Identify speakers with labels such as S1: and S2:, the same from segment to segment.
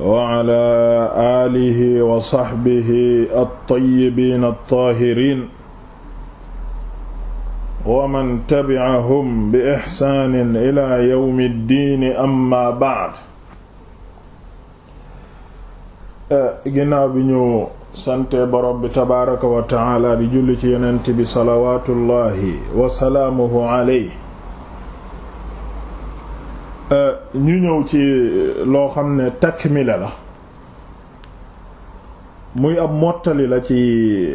S1: wa ala aalihi wa saxbihi at-tayyibiin at-taahiriin wa man tabi'ahum bi ixsaanin ilaa yawmi ddiini amma ba'd. ginnaaw bi ñu sante borom bi tabaaraka wa ta'aala di julli ci yonent bi salawaatullaahi wa salaamuhu alayhi Euh, ñu ñëw ci euh, loo xam ne takmila la muy ab mottali la ci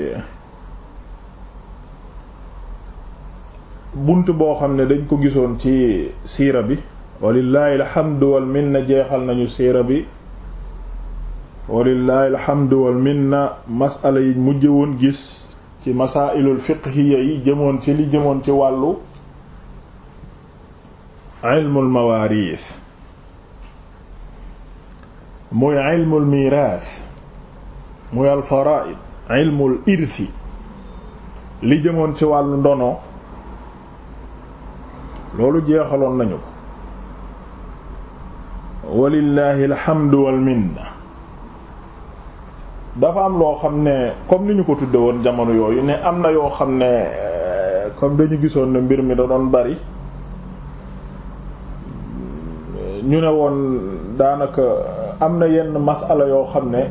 S1: bunt boo xam ne dañ ko gisoon ci siira bi walillahi alhamdu wal minna jeexal nañu siira bi walillahi alhamdu wal minna masala yi mujj woon gis ci masailul fiqhiyya yi jëmoon ci li jëmoon ci wàllu ilmul mawaariis muy ilmul miiraas muy alfaraa'id ilmul irsi li jëmoon ci wàllu ndono loolu jeexaloon nañu ko walillahi alhamdu wal dafa am loo xam ne comme ni ñu ko tudde woon jamono yooyu ne am na yoo xam ne comme dañu gisoon ne mbir mi da doon bari ñu ne woon daanaka am na yenn masala yoo xam ne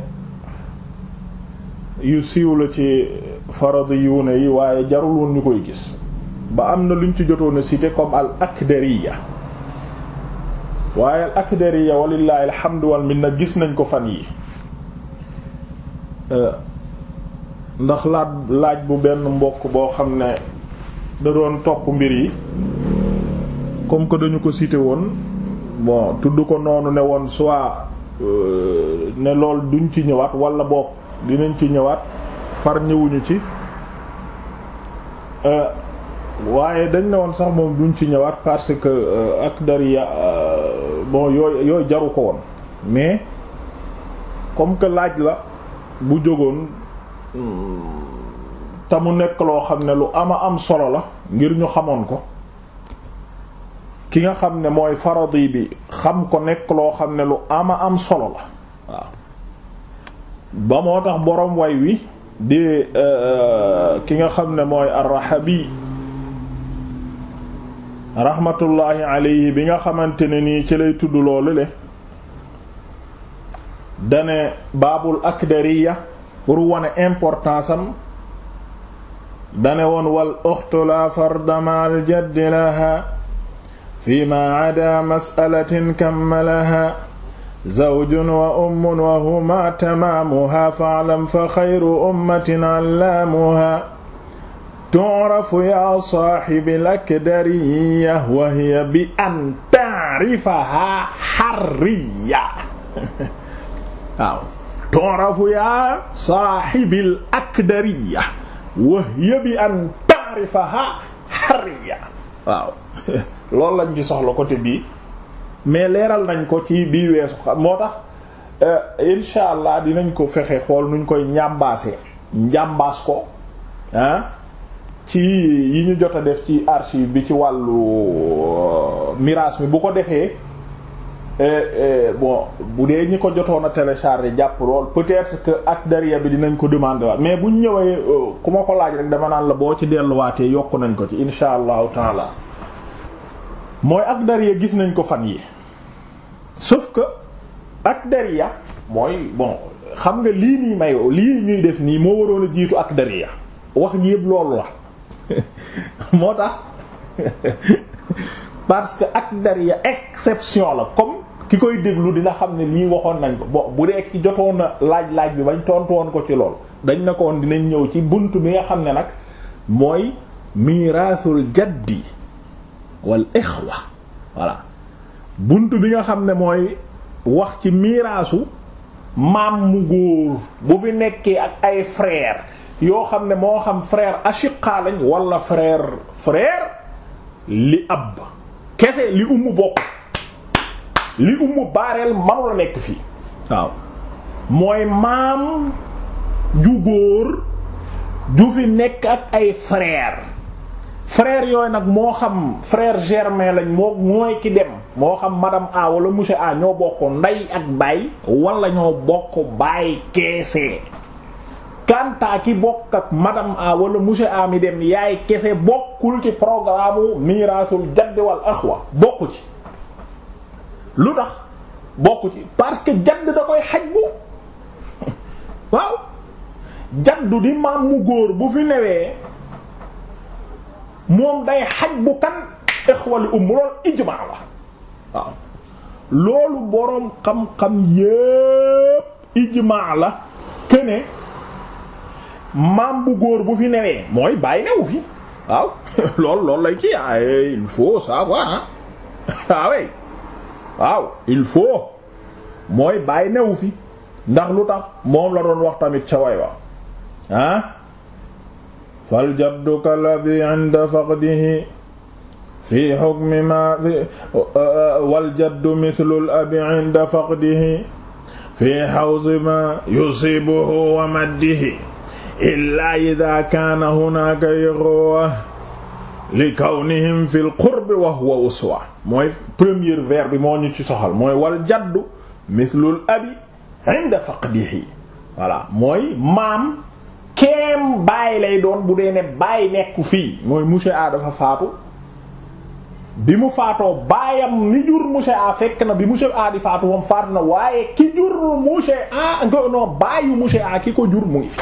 S1: yu siiw la ci faradiyuune yi waaye jarul woon ñu koy gis ba am na luñ ci jotoon a cité comme al akdariya waaye al akdariya walillahi alhamdu wal minna gis nañ ko fan yi euh, ndax laaj laaj bu benn mbokk boo xam ne da doon topp mbir yi comme que dañu ko cité woon bon tudd ko noonu ne woon soit euh, ne lool duñ ci ñëwaat wala boog dinañ ci ñëwaat far ñëwuñu ci euh, waaye dañ ne woon sax moom duñ ci ñëwaat parce que euh, ak dariya bon yooyu yooyu jaru ko woon mais comme que laaj la bu jógoon hmm, te mu nekk loo xam ne lu ama am solo la ngir ñu xamoon ko ki nga xam ne mooy faradi bi xam ko nekk loo xam ne lu ama am solo la ba moo tax boroom way wi di eh, eh, ki nga xam ne mooy arrahabi rahmatullahi alayhi bi nga xamante ne nii ci lay tudd loolu le dane baabul akdariya pour wane importance am dane woon wal uxtu la fardamal jaddi fi ma ada masalatin kammalaha zawjun wa ummun wa huma tamaamuha faalam fa xayru ummatin allaamuha tu'rafu yaa saaxibil akdariya wa hiya bi an ta'rifaha harriya waaw tu'rafu yaa saaxibil akdariya wa hiya bi an ta'rifaha harriya waaw loolu lañ ci soxla côté bii mais leeral nañ ko ci bii weesu moo tax euh, insha allah dinañ ko fexe xool nuñ koy njàmbaasee njàmbaas ko ah ci yi ñu jot a def ci archive bi ci wàllu euh, miraas mi bu ko defee euh, bon bu dee ñi ko jotoon a télécharger jàpp lool peut-être que ak derrière bi dinañ ko demande waa mais buñ ñëwee ku ma ko laaj rek dama naan la boo ci delluwaatee yokk nañ ko ci insha allahu taala mooy Akdariya gis nañ ko fan yi sauf que ak Akdariya mooy bon xam nga lii nii may lii ñuy def nii moo waroon a jiitu Akdariya wax ji yëpp loolu la moo tax parce que ak Akdariya exception la comme ki koy déglu dina xam ne nii waxoon nañ ko bon bu dee ci jotoon na laaj-laaj bi bañ tontu woon ko ci lool dañ na ko woon dinañ ñëw ci bunt bi nga xam ne nag mooy miiraasul jaddi wal ixwa voilà bunt bi nga xam ne mooy wax ci miiraasu maam mu góor bu fi nekkee ak ay frère yoo xam ne moo xam frère ashiqa lañ wala frère li ab kese li umu bokk li umu baareel manu nekk fii waaw mooy maam ju góor ju fi nekk ak ay frère frère yooyu nag moo xam frère germain lañ moo mooy ki dem moo xam madame A wala monsieur A ñoo bokk ndey ak baay wala ñoo bokk baay keese kantaa ki bokk ak madame A wala monsieur mi dem yaay kese bokkul ci programme miraasul jadd wal axwa bokku ci lu tax bokk ci parce que jadd da koy xaj bu waaw jaddu di maam mu góor bu fi newee moom day xaj bu kan ixwal umm loolu ijmaa la loolu boroom xam-xam yépp ijmaa la këne maam bu góor bu fi newee mooy bàyyi newu fi waaw loolu loolu lañ ci ay ah, eh, il faut savoir ah waaw waaw il faut mooy bàyyi newu fi ndax lu tax moom la doon wax tamit ca way wa ah faljabdu kalabi inda faqdihi fi xukmi ma waljaddu mislul abi inda faqdihi fi xawsi ma yusibuhu wa maddihi illaa ida kaana hunaaka yixwa li kawnihim fi lqurbi wa huwa uswa mooy premier vers bi moo ñu ci soxal mooy waljaddu mislul abi inda faqdihi voilà mooy maam keem bàyyi lay doon bu dee ne bàyyi nekku fii mooy monsieur A dafa faatu bi mu faatoo baayam ni jur monsieur A fekk na bi monsieur A di faatu moom faatu na waaye ki jur monsieur A non bàyyu monsieur A ki ko jur mu ngi fi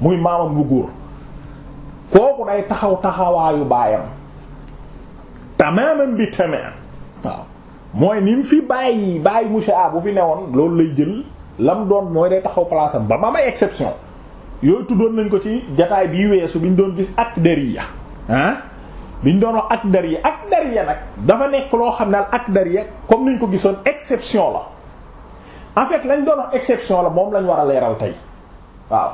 S1: muy maamam bu góor kooku day taxaw taxawaayu baayam tamaamam bi tamaam waaw mooy ni mu fi bàyyi bàyyi monsieur A bu fi woon loolu lay jël lam doon mooy day taxaw place am ba ma may exception yooyu tuddoon nañ ko ci jataay bi weesu bi ñu doon gis Akdariya ah bi ñu doon wax Akdariya Akdariya nag dafa nekk loo xam ne ak Akdariya comme ni ko gisoon exception la en fait lañ doon wax exception la moom lañ war a leeral tey waaw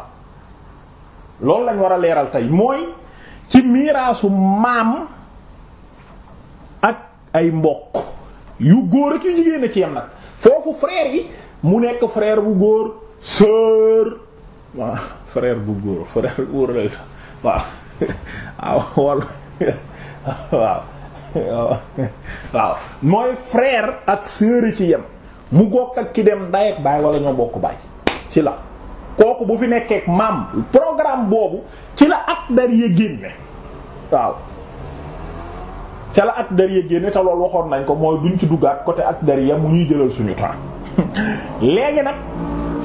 S1: loolu lañ war a leeral tey mooy ci miiraasu maam ak ay mbokk yu góor ak yu jigéen ci yam nag foofu frère yi mu nekk frère bu góor sœur frère bu góor frère góor la waaw waaw waaw waaw mooy frère ak sœur ci yem mu gokk ak ki dem nday ak baay wala ñoo bokk baay ci la kooku bu fi nekkee maam programme boobu ci la ak dar ya génne waaw ca la ak dar ya génne te loolu waxoon nañ ko mooy duñ ci duggaat côté ak dar ya mu ñuy jëlal suñu temps léegi nag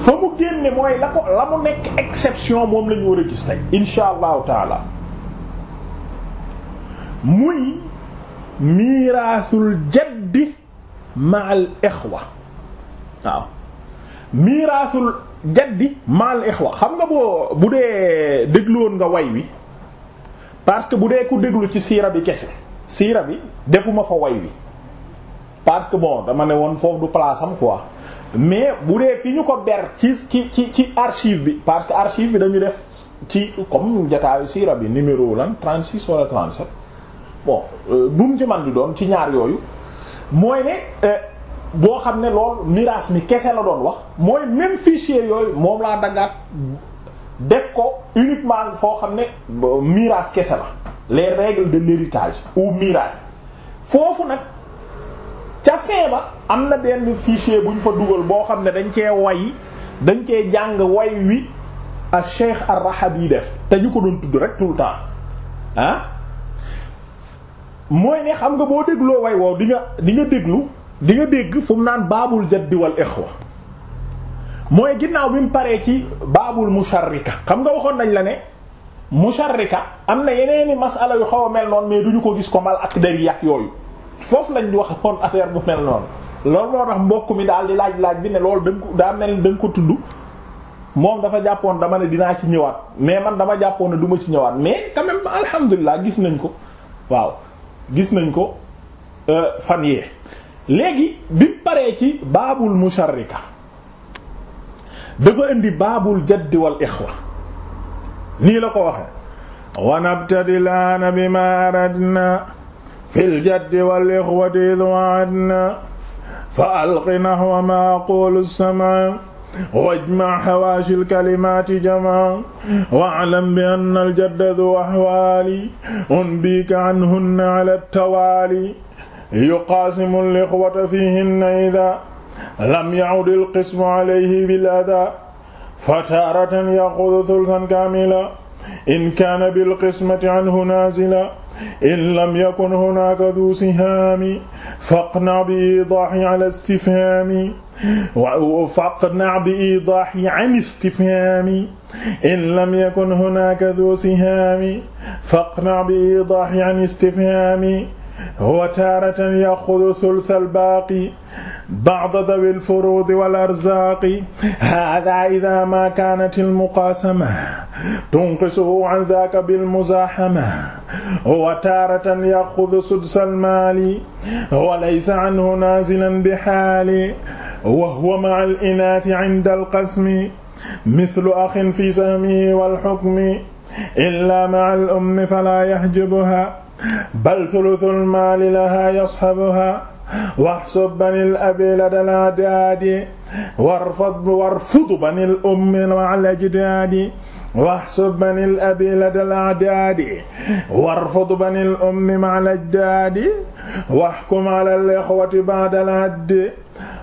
S1: fa mu génne mooy la ko la mu nekk exception moom la ñu war a gis tey insha allahu taala muy miiraasul jaddi ma al ixwa waaw miiraasul jaddi ma al xam nga boo bu dee dégluwoon nga way wi parce que bu dee ku déglu ci siira bi kese siira bi defuma fa way wi parce que bon dama ne woon foofu du place am quoi mais bu dee fi ñu ko ber ci ci ci ci archive bi parce que archive bi dañu def ci comme jataayu siira bi numéro lan 36 wala 37 bon euh, bu mu ci man di doon ci ñaar yooyu mooy ne euh, boo xam ne lool miraas mi kese la doon wax mooy même fichier yooyu moom laa daggaat def ko uniquement foo xam ne euh, miraas kese la les règles de l'héritage ou miraas foofu nag ca fin ba am na benn fichier buñ fa dugal boo xam ne dañ cee way dañ cee jàng way wi ak Cheikh Ar-Rahabi def te ñu ko doon tudd rek tout ah? mooy ne xam nga boo dégloo way wow di nga déglu di dégg fu mu naan baabul jaddi wal ixwa mooy ginnaaw bi mu paree ci baabul musharrika xam nga waxoon nañ la ne musharrika am na yeneeni masala yu xaw a mel noon mais duñu ko gis ko mal ak dari yooyu foofu lañ wax woon affaire bu mel noonu loolu moo tax mbokk mi daal di laaj laaj bi ne loolu da ko daa mel da nga ko tudd moom dafa jàppoon dama ne dinaa ci ñëwaat mais man dama jàppoon ne du ci ñëwaat mais quand même alhamdulilah gis nañ ko waaw gis nañ ko euh, fan yee léegi bi paree ci baabul musharrika dafa indi baabul jaddi wal ixwa nii la ko waxee wanabtadilaana bi ma aradna fil jaddi wal ixwati id wa'adna fa alqi nahwa ma aqulu sama wajma xawaashi lkalimaati jama waalam bi ann aljadda du axwaali unbiika anhunna ala tawaali yuqaasimu lixwata fiihinna ida lam yacud ilqismu alayhi bilada fataaratan yaxudu tulsan kaamila in kaana bilqismati anhu naazila in lam yakun hunaaka du sihaami faqna bi idaahi ala istifhaami wa faqna bi idaahi an istifhaami in lam yakun hunaaka du sihaami faqna bi idaahi an istifhaami huwa taaratan yaxudu sulsa albaaqi ba'da dawi lfuruudi wal arzaaqi haadaa idaa maa kaanat almuqaasama tunqisuhu an daaka bilmuzaahama huwa taaratan yaxudu sudsa almaali wa laysa anhu naazilan bihaali wa huwa ma'a al-inaasi 'inda al-qasmi mithlu axin fii sahmihi wal hukmi illaa ma'a al-ummi falaa yahjubuhaa bal thuluthul maali lahaa yashabuhaa waxsub banil abi ladal daadi warfad warfud banil ummi ma'al ajdaadi waxsub banil abi ladal daadi warfud banil ummi ma'al ajdaadi waxkum alal ikhwati ba'dal addi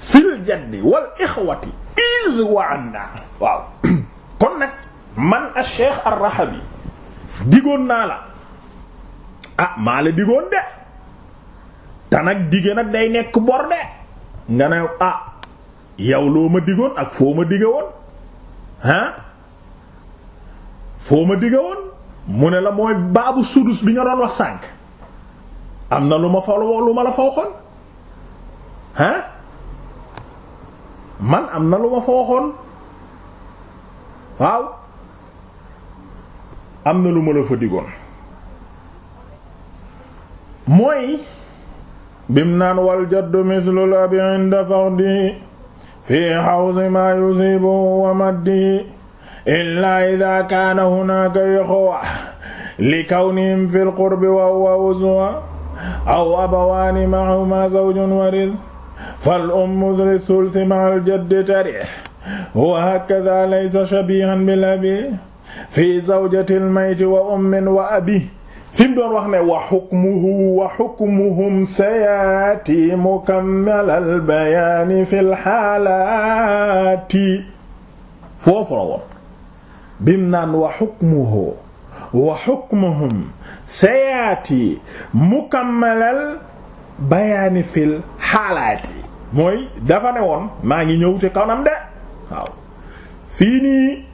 S1: fil jaddi wal ixwati iz wa'anna waaw kon nag man a cheikh ar-Rahabi digoon naa la ah maa la digoon de te nag nag day nekk bor de nga ne ah yow loo ma diggoon ak foo ma dige woon ah foo ma dige woon mu ne la mooy baabu sudus bi nga doon wax sànk am na lu ma fa lu ma la fa waxoon ah man am na lu ma fa waxoon waaw am na lu ma la fa digoon mooy bim naan wal jaddu mislul abi inda fardihi fii hawzi ma yusibu wa maddihi illaa idha kaana hunaka ikhwa li kawnihim fil qurbi wa huwa uswa aw abawaani ma'ahuma zawjun warid fal ummu li thulthi ma'al jaddi tarih wa hakadha laysa shabihan bil abi fi zawjatil mayti wa ummin wa abi fi mu doon wax ne wa hukmuhu wa hukmuhum sayati mukammalal bayaani fil xaalaati foofu la woon bim naan wa hukmuhu wa hukmuhum sayati mukammalal bayaani fil xaalaati mooy dafa ne woon maa ngi ñëw ci kanam de waaw fii nii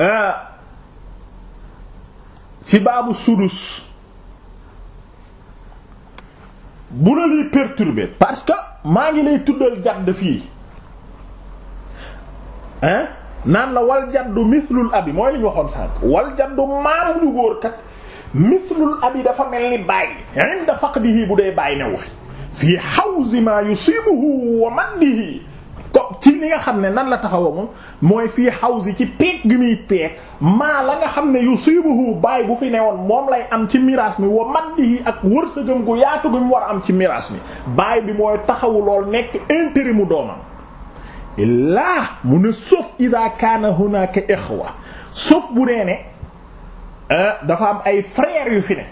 S1: ah, ci baabu sudus bu la lii perturbé parce que maa ngi lay tuddal jadd fii hein naan la wal jaddu mithlul abi mooy li ñu waxoon sànq wal jaddu maam ju góor kat mithlul abi dafa mel ni bàyyi inda faqdihi bu dee bàyyi newu fi fii hawzi ma yusibuhu wa maddihi ko ci li nga xam ne nan la taxawoo moom mooy fii hawzi ci peeg gi muy peeg maa la nga xam ne yusibuhu baay bu fi newoon moom lay am ci miraas mi wa maddihi ak wërsëgam gu yaatu gu mu war am ci miraas mi baay bi mooy taxawu lool nekk intérêt mu doomam illaa mu ne sauf ida kaana hunaka ixwa sauf bu nee ne eh, dafa am ay frères yu fi ne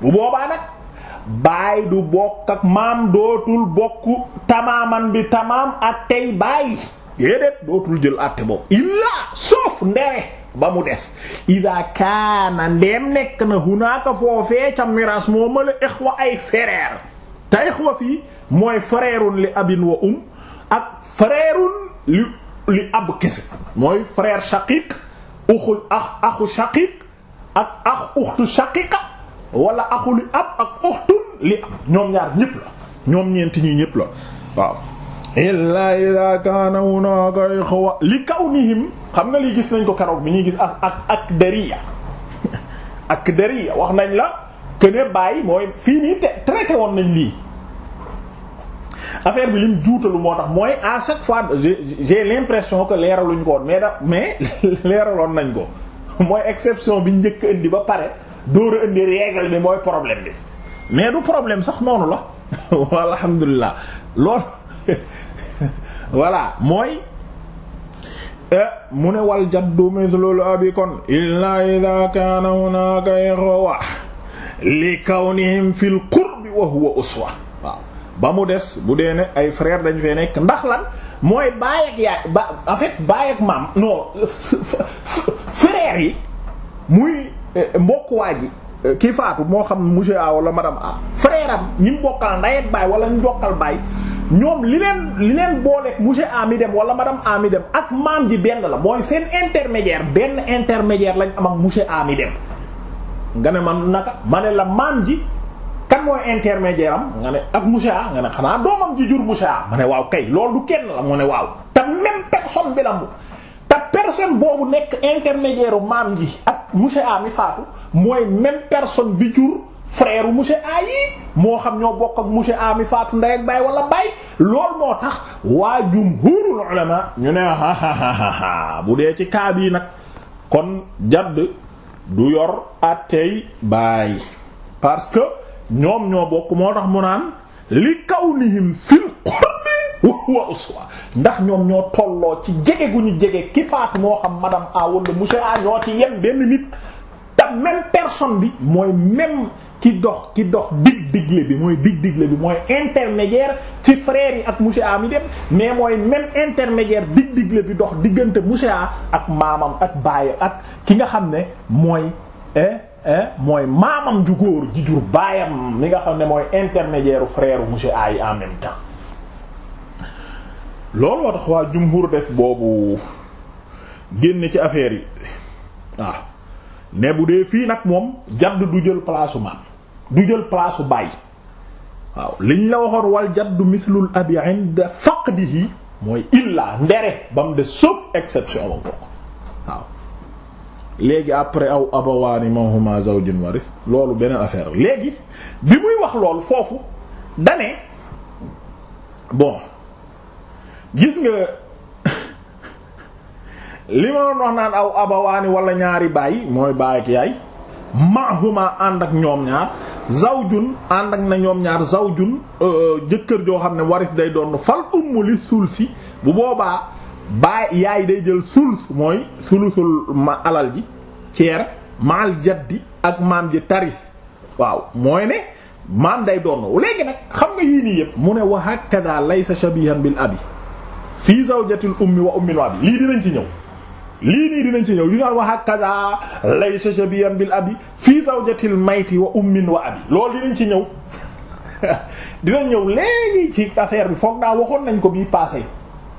S1: bu boobaa nag baay du bokk maam dootul bokk tamaaman bi tamaam ak tey baay déedéet dootul jël àtte boobu illaa sauf ndere ba mu des ida kaana ndeem nekk na hunaaka foofee miraas moo mala ay frère te ixwa fii mooy frèreun li abin wa um ak frèreun li ab kese mooy frère shaqiq uxul ax ak ax shaqiqa wala axuli ab ak uxtun li am ñoom ñaar ñëpp la ñoom ñeenti ñi ñëpp la waaw illa ida kaana hunaka ixwa li kawnihim xam nga lii gis nañ ko karoog bi ñuy gis ak ak ak dariya ak dariya wax nañ la kuene bàyyi mooy fii nii traité woon nañ lii affaire bi lim juutalu moo tax mooy à chaque fois j'ai l'impression ko leeraluñ ko woon mais da mais leeraloon nañ ko mooy exception bi njëkk indi ba pare door a indi règle bi mooy problème bi mais du problème sax noonu la wala alhamdulilah lool voilà mooy eh, mu ne wal jaddu mithlul abi kon illa idha kana hunaka ikhwa li kawnihim fil qurbi wa huwa uswa waaw ba mu des bu dee ne ay frère dañ fee nekk ndax lan mooy baay ak yaay ba en fait baay ak maam non frère yi muy Eh, mbokk waa ji eh, kii faatu moo xam monsieur A wala madame A am ñi mu bokkal ndey ak baay wala ñu bokkal baay ñoom li leen li leen booleeg monsieur mi dem wala madame A mi ak maam ji benn la mooy seen intermédiaire benn intermédiaire lañ am ak monsieur A mi dem. nga ne man naka ma ne la maam ji kan mooy intermédiaire am nga ne ak monsieur nga ne xanaa doomam ji jur monsieur ma ne waaw kay loolu du kenn la mu ne waaw te même personne bi la te personne boobu nekk intermédiaire maam ji ak monsieur ami mi faatu mooy même personne bi jur frère monsieur A yi moo xam ñoo bokk ak monsieur A mi faatu ndey ak baay wala baay lool moo tax waa jumhurul ulama ñu ne ha bu dee ci cas yi nag kon jadd du yor àtteey baay parce que ñoom ñoo bokk moo tax mu naan li kawnihim fil qurbi wa ndax ñoom ñoo tolloo ci jege gu ñu jege ki faatu moo xam madame A wala monsieur A ñoo ci yem benn nit te même personne bi mooy même ki dox ki dox dig digle bi mooy dig bi mooy intermédiaire ci frère yi ak monsieur A mi dem mais mooy même intermédiaire dig digle bi dox diggante monsieur ak maamam ak baay ak ki nga xam ne mooy eh, eh, mooy maamam ju góor ji jur baayam mi nga xam ne mooy intermédiaire frère monsieur A yi en même loolu moo tax waa jumhur def boobu génn ci affaire yi waaw ne bu dee fii nag moom jadd du jël palaasu maam du jël palaasu baay waaw liñ la waxoon wal jadd mislul abi inda faqdihi mooy illa ndere ba de sauf exception ba waaw léegi après aw abawaani mahuma zawjun waris loolu beneen affaire léegi bi muy wax lool foofu dane bon gis nga li ma doon wax naan aw abawaani wala ñaari baay mooy baay ak yaay mahuma ànd ak ñoom ñaar zawjun ànd ak na ñoom ñaar zawjun euh, jëkkër joo xam ne waris day doon fal ummu li si bu boobaa baay yaay day jël suul mooy sulusul ma alal ji ceer maal jaddi ak maam ji taris waaw mooy ne maam day doon léegi nag xam nga yii nii yëpp mu ne wa hakada laysa shabihan bil abi fii zawjatil ummi wa ummin wa bi lii dinañ ci ñëw lii nii dinañ ci ñëw yu naan wa hakaza laysa shabiyan bil abi fii zawjatil mayti wa ummin wa abi loolu dinañ ci ñëw dinañ ñëw léegi ci affaire bi foog naa waxoon nañ ko bii passé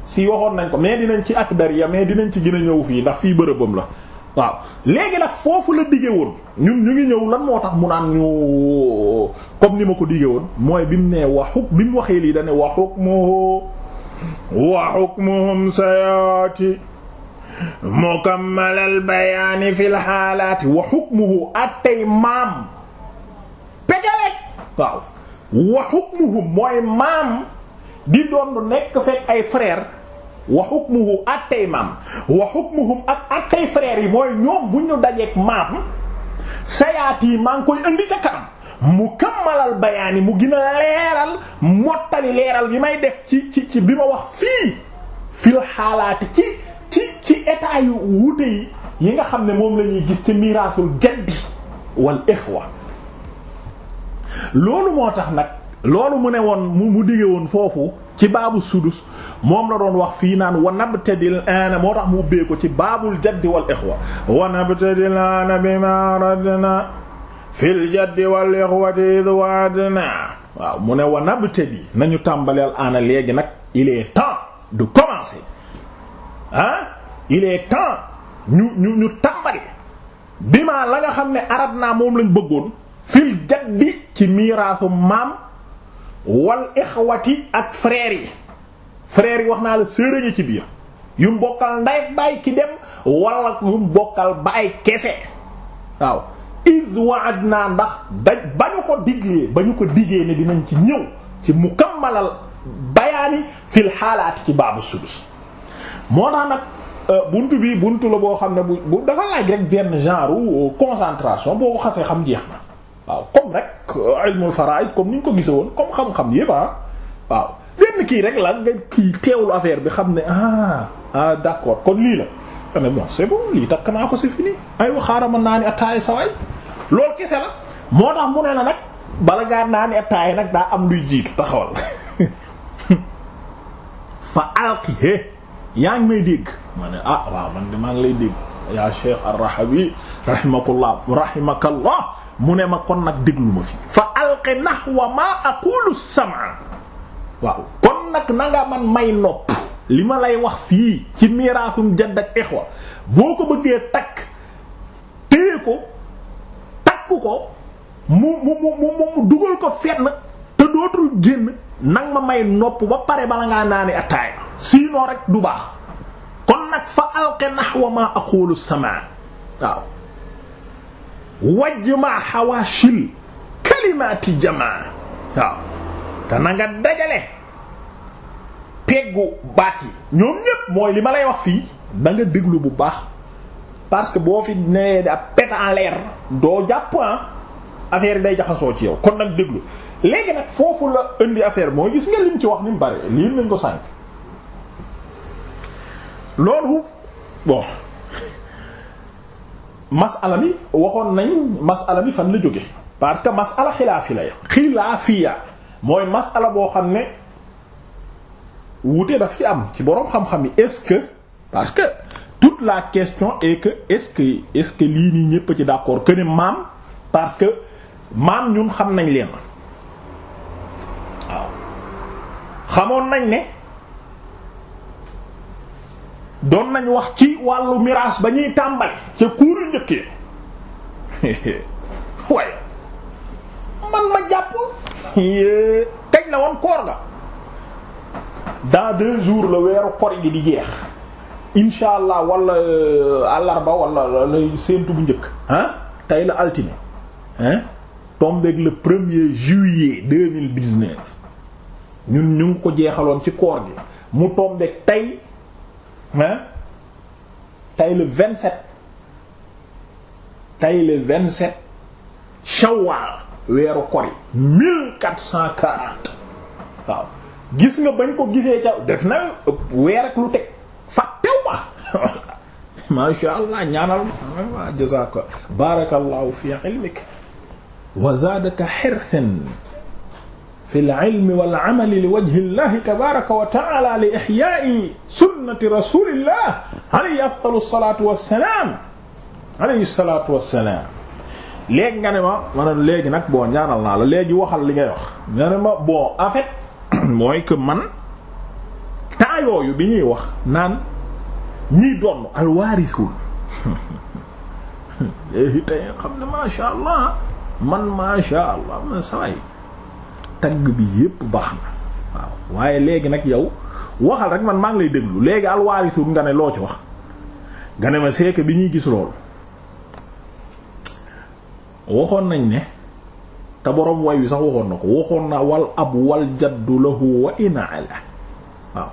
S1: si waxoon nañ ko mais dinañ ci ak dariya mais dinañ ci gën a ñëw fii ndax fii bërëbam la waaw léegi nag foofu la dige woon ñun ñu ngi ñëw lan moo tax mu naan ñu comme ni ma ko dige woon mooy bi mu nee waxu bi mu waxee lii da ne waxu moo wa hukmuhum sayaati mukammalal bayaani fil xaalaati wa hukmuhu attey maam pégalek wa hukmuhum mooy maam di doon nekk fekk ay frère wa hukmuhu attey maam wa hukmuhum ak attey yi mooy ñoom bu ñu maam sayaati maa koy indi ca mu kammalal bayaani mu gën a leeral mottali leeral bi may def ci ci bi ma wax fii fil xaalaati ci ci ci état yi yi nga xam ne moom la gis ci miraasul jaddi wal ixwa loolu moo tax nag loolu mu ne woon mu mu dige woon foofu ci baabu sudus moom la doon wax fii naan wa nabtadil aana moo tax mu ubbee ko ci baabul jaddi wal ixwa wa nabtadil aana bima radna fil jaddi wal ikhwati id waadna waaw mu ne wa nabtadi nañu tàmbaleel ana léegi nag il temps de commencer ah il temps ñu ñu ñu tàmbali bi ma la nga xam ne arab naa moom lañu bëggoon fil jaddi ci miiraasu maam wal ixwati ak frères yi frères yi wax naa la sërëña ci biir yu mbokkal nday baay ki dem yu mbokkal baay kese waaw iz wa'adna ndax da ba ñu ko diglee ba ñu ko digee ne dinañ ci ñëw ci mukammalal bayaani fil xaalaati ci baabu sudus moo tax nag euh, buntu bi buntu la boo xam ne bu dafa laaj rek benn genre concentration boo ko xasee xam jeex na waaw comme rek euh, comme ni ko gise woon comme xam-xam yépp ah. waaw benn kii rek la nga kii teewlu affaire bi xam ne ah ah d'accord kon lii la nga lii takk naa ko c'est fini aywa xaaral ma naa ni attaaya sawaay kese la moo tax mu ne la nag bala ngaa naa ni nag daa am luy jiitu taxawal fa alqihe yaa ngi may dégg ma ah waaw man de maa ngi lay dégg yaa Cheikh ar rahimakullah rahimakallah mu ne ma kon nag déglu ma fi fa alqi nahwa ma aqulu sama waaw kon nag na man may nopp li ma lay wax fii ci miraasum jadd ak ixwa boo ko bëggee takk téye ko takk ko mu mu mu mu mu dugal ko fenn te dootul génn nag ma may nopp ba pare bala ngaa naani attaaya sinon rek du baax kon nag fa alqi nahwa ma aqulu samaa waaw wajj ma xawaashil kalimaati jamaa waaw te na dajale peggu baat yi ñoom ñépp mooy li ma lay wax fii da nga déglu bu baax parce que boo fi nee da pète en l'air doo jàpp ah, affaire yi day jaxasoo ci yow kon nag déglu léegi nag foofu la indi affaire mooy gis nga lim ci wax ni mu bari lii nañ ko sànq loolu bon masala mi waxoon nañ masala mi fan la jóge parce que masala xilaafi la ya xilaafiya mooy masala boo xam ne wuute daf ci am ci boroom xam-xam yi est-ce que parce que toute la question est que est-ce que est-ce que lii nii ñépp ci d'accord que ne maam parce que maam ñun xam nañ leen waaw xamoon nañ ne doon nañ wax ci wàllu miraas ba ñuy tàmbali ca kuuru njëkkee waaye man ma jàpp kañ la woon koor ga dans deux jours la weeru kor gi di jeex insha allah walla euh, àllarba wala lay séentu bu njëkk ah tey la altine hein tombeeg le premier juillet deux mille dix-neuf ñun ñu ngi ko jeexaloon ci koor gi mu tombeeg tey hein tey le vingt-sept tey le vingt-sept shawwal weeru kori mille cent quarante waaw gis nga bañ ko gisee ca def na weer ak lu teg fàttew ma masha allah ñaanal ma waa jazaaka barakallahu fi ilmik wa zaadaka hirsan fi al-ilmi wal-amali li wajhi wa ta'aala li nga ne ma ma léegi nag bon ñaanal naa la léegi waxal li ngay nga ne ma bon en mooy que man temps yooyu bi ñuy wax naan ñiy donn alwaarisul léegi xam ne man maasha allah man saway tagg bi yépp baax na waaw waaye léegi nag yow waxal rek man maa ngi lay déglu léegi alwaarisul nga ne loo ci wax nga ne ma seeke bi ñuy gis loolu waxoon nañ ne te boroom way wi sax waxoon na ko waxoon na wal ab wal jaddu lahu wa inaala waaw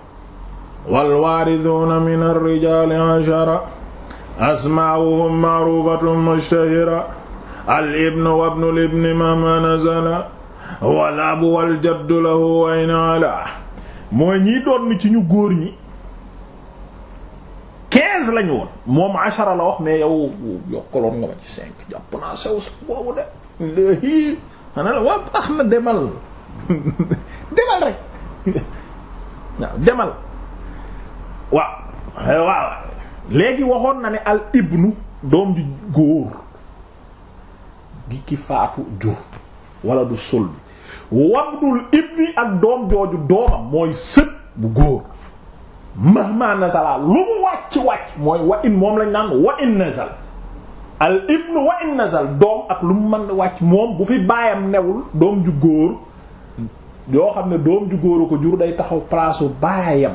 S1: walwaarisuuna min alrijali ashara asmaawuhum maarufatun mushtahira al ibnu wa bnu libni mahma nazala wal ab wal jaddu lahu mooy ñiy doon ci ñu góor ñi quinze lañu woon moom ashara la wax mais yow nga ma ci jàpp naa sew sa boobu de ma baax na demal demal rek waaw demal eh, waaw léegi waxoon na ne al ibnu doom ju góor gi ki faatu jur wala du sul bi wabdul ibni ak doom jooju doomam mooy sët bu góor mahma nazala lu mu wàcc wàcc mooy wa in moom lañ naan wa in nazala al ibnu wa in nazal doom ak lu mu mën wàcc moom bu fi baayam newul doom ju góor yoo xam ne doom ju góoru ko jur day taxaw palaasu baayam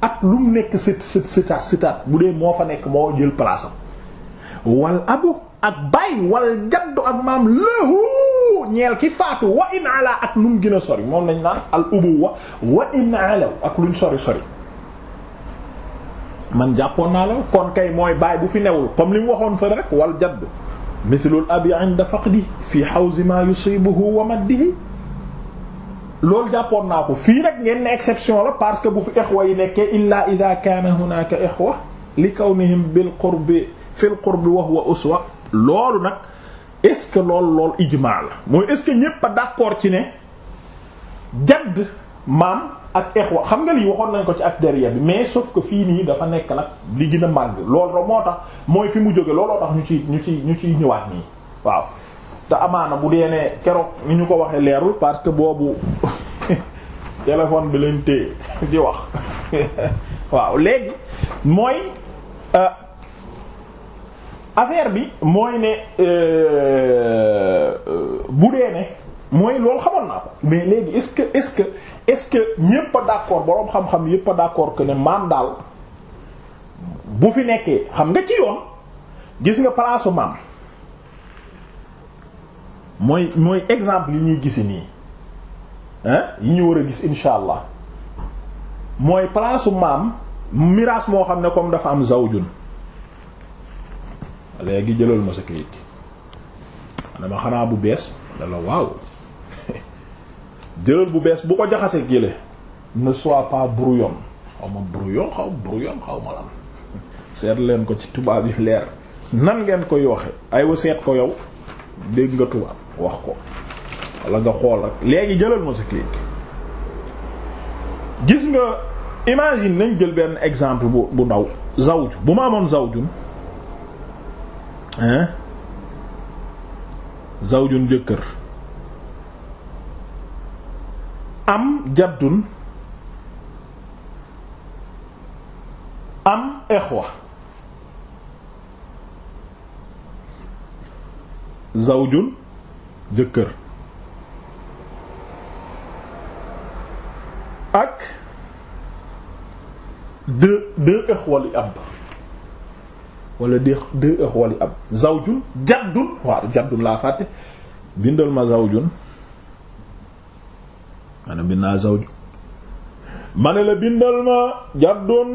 S1: ak lu mu nekk sit sët sëtaat sëtaat bu dee moo fa nekk moo jël palaasam wal abu ak baay wal jaddu ak maam lahu ñeel ki faatu wa in ala ak lu mu gën a sori moom lañ naan al ubuwa wa in ala ak luñ sori sori man jàppoon naa la kon kay mooy baay bu fi newul comme li mu waxoon fa rek wal jaddu mislul fii hawzi ma yusibuhu wa maddihi jàppoon naa ko fii nag ngeen ne exception la parce que bu fi ixwa yi nekkee illa ida kaana hunaka ixwa li kawnihim bil qurbi fil qurbi wa huwa uswa loolu nag est-ce que lool mooy est-ce que ñépp a ci ne jadd maam ak exwa xam nga lii waxoon nañ ko ci ak bi mais sauf ko fii nii dafa nekk nag li gën a màgg loolu la moo tax mooy fi mu jóge looloo tax ñu ci ñu ci ñu ciy ñëwaat nii waaw te amaana bu dee ne keroog ni ñu ko waxee leerul parce que boobu téléphone bi lañ téye di wax waaw léegi mooy euh, affaire bi mooy ne euh, euh, bu dee ne mooy loolu xamoon naa ko mais léegi est-ce que est-ce que est-ce que ñépp a d'accord boroom xam-xam yépp a d'accord que ne maam daal bu fi nekkee xam nga ci yoon gis nga palaasu maam mooy mooy exemple yi ñuy gisi nii hein yi ñu war a gis insha allah mooy palaasu maam miraas moo xam ne comme dafa am zawjun léegi jëlal ma sa kayit dama xanaa bu bees dala waaw jëlal bu bees bu ko jaxasee gile ne sois pas brouillon xaw ma brouillon xaw brouillon xaw ma lan seet leen ko ci tubaab yi leer nan ngeen koy waxe aywa seet ko yow dégg nga tubaab wax ko wala nga xool rek léegi jëlal ma sa clic gis nga imagine nañ jël benn exemple bu bu ndaw zawju bu ma amoon zawjun hein zawjun jëkkër am jaddun am exwa zawjun jëkkër ak deux deux exwa li wala deux deux exwa li zawjun jaddun waaw jaddun laa fàtte bindal ma zawjun maanaam bind naa la bindal ma jaddun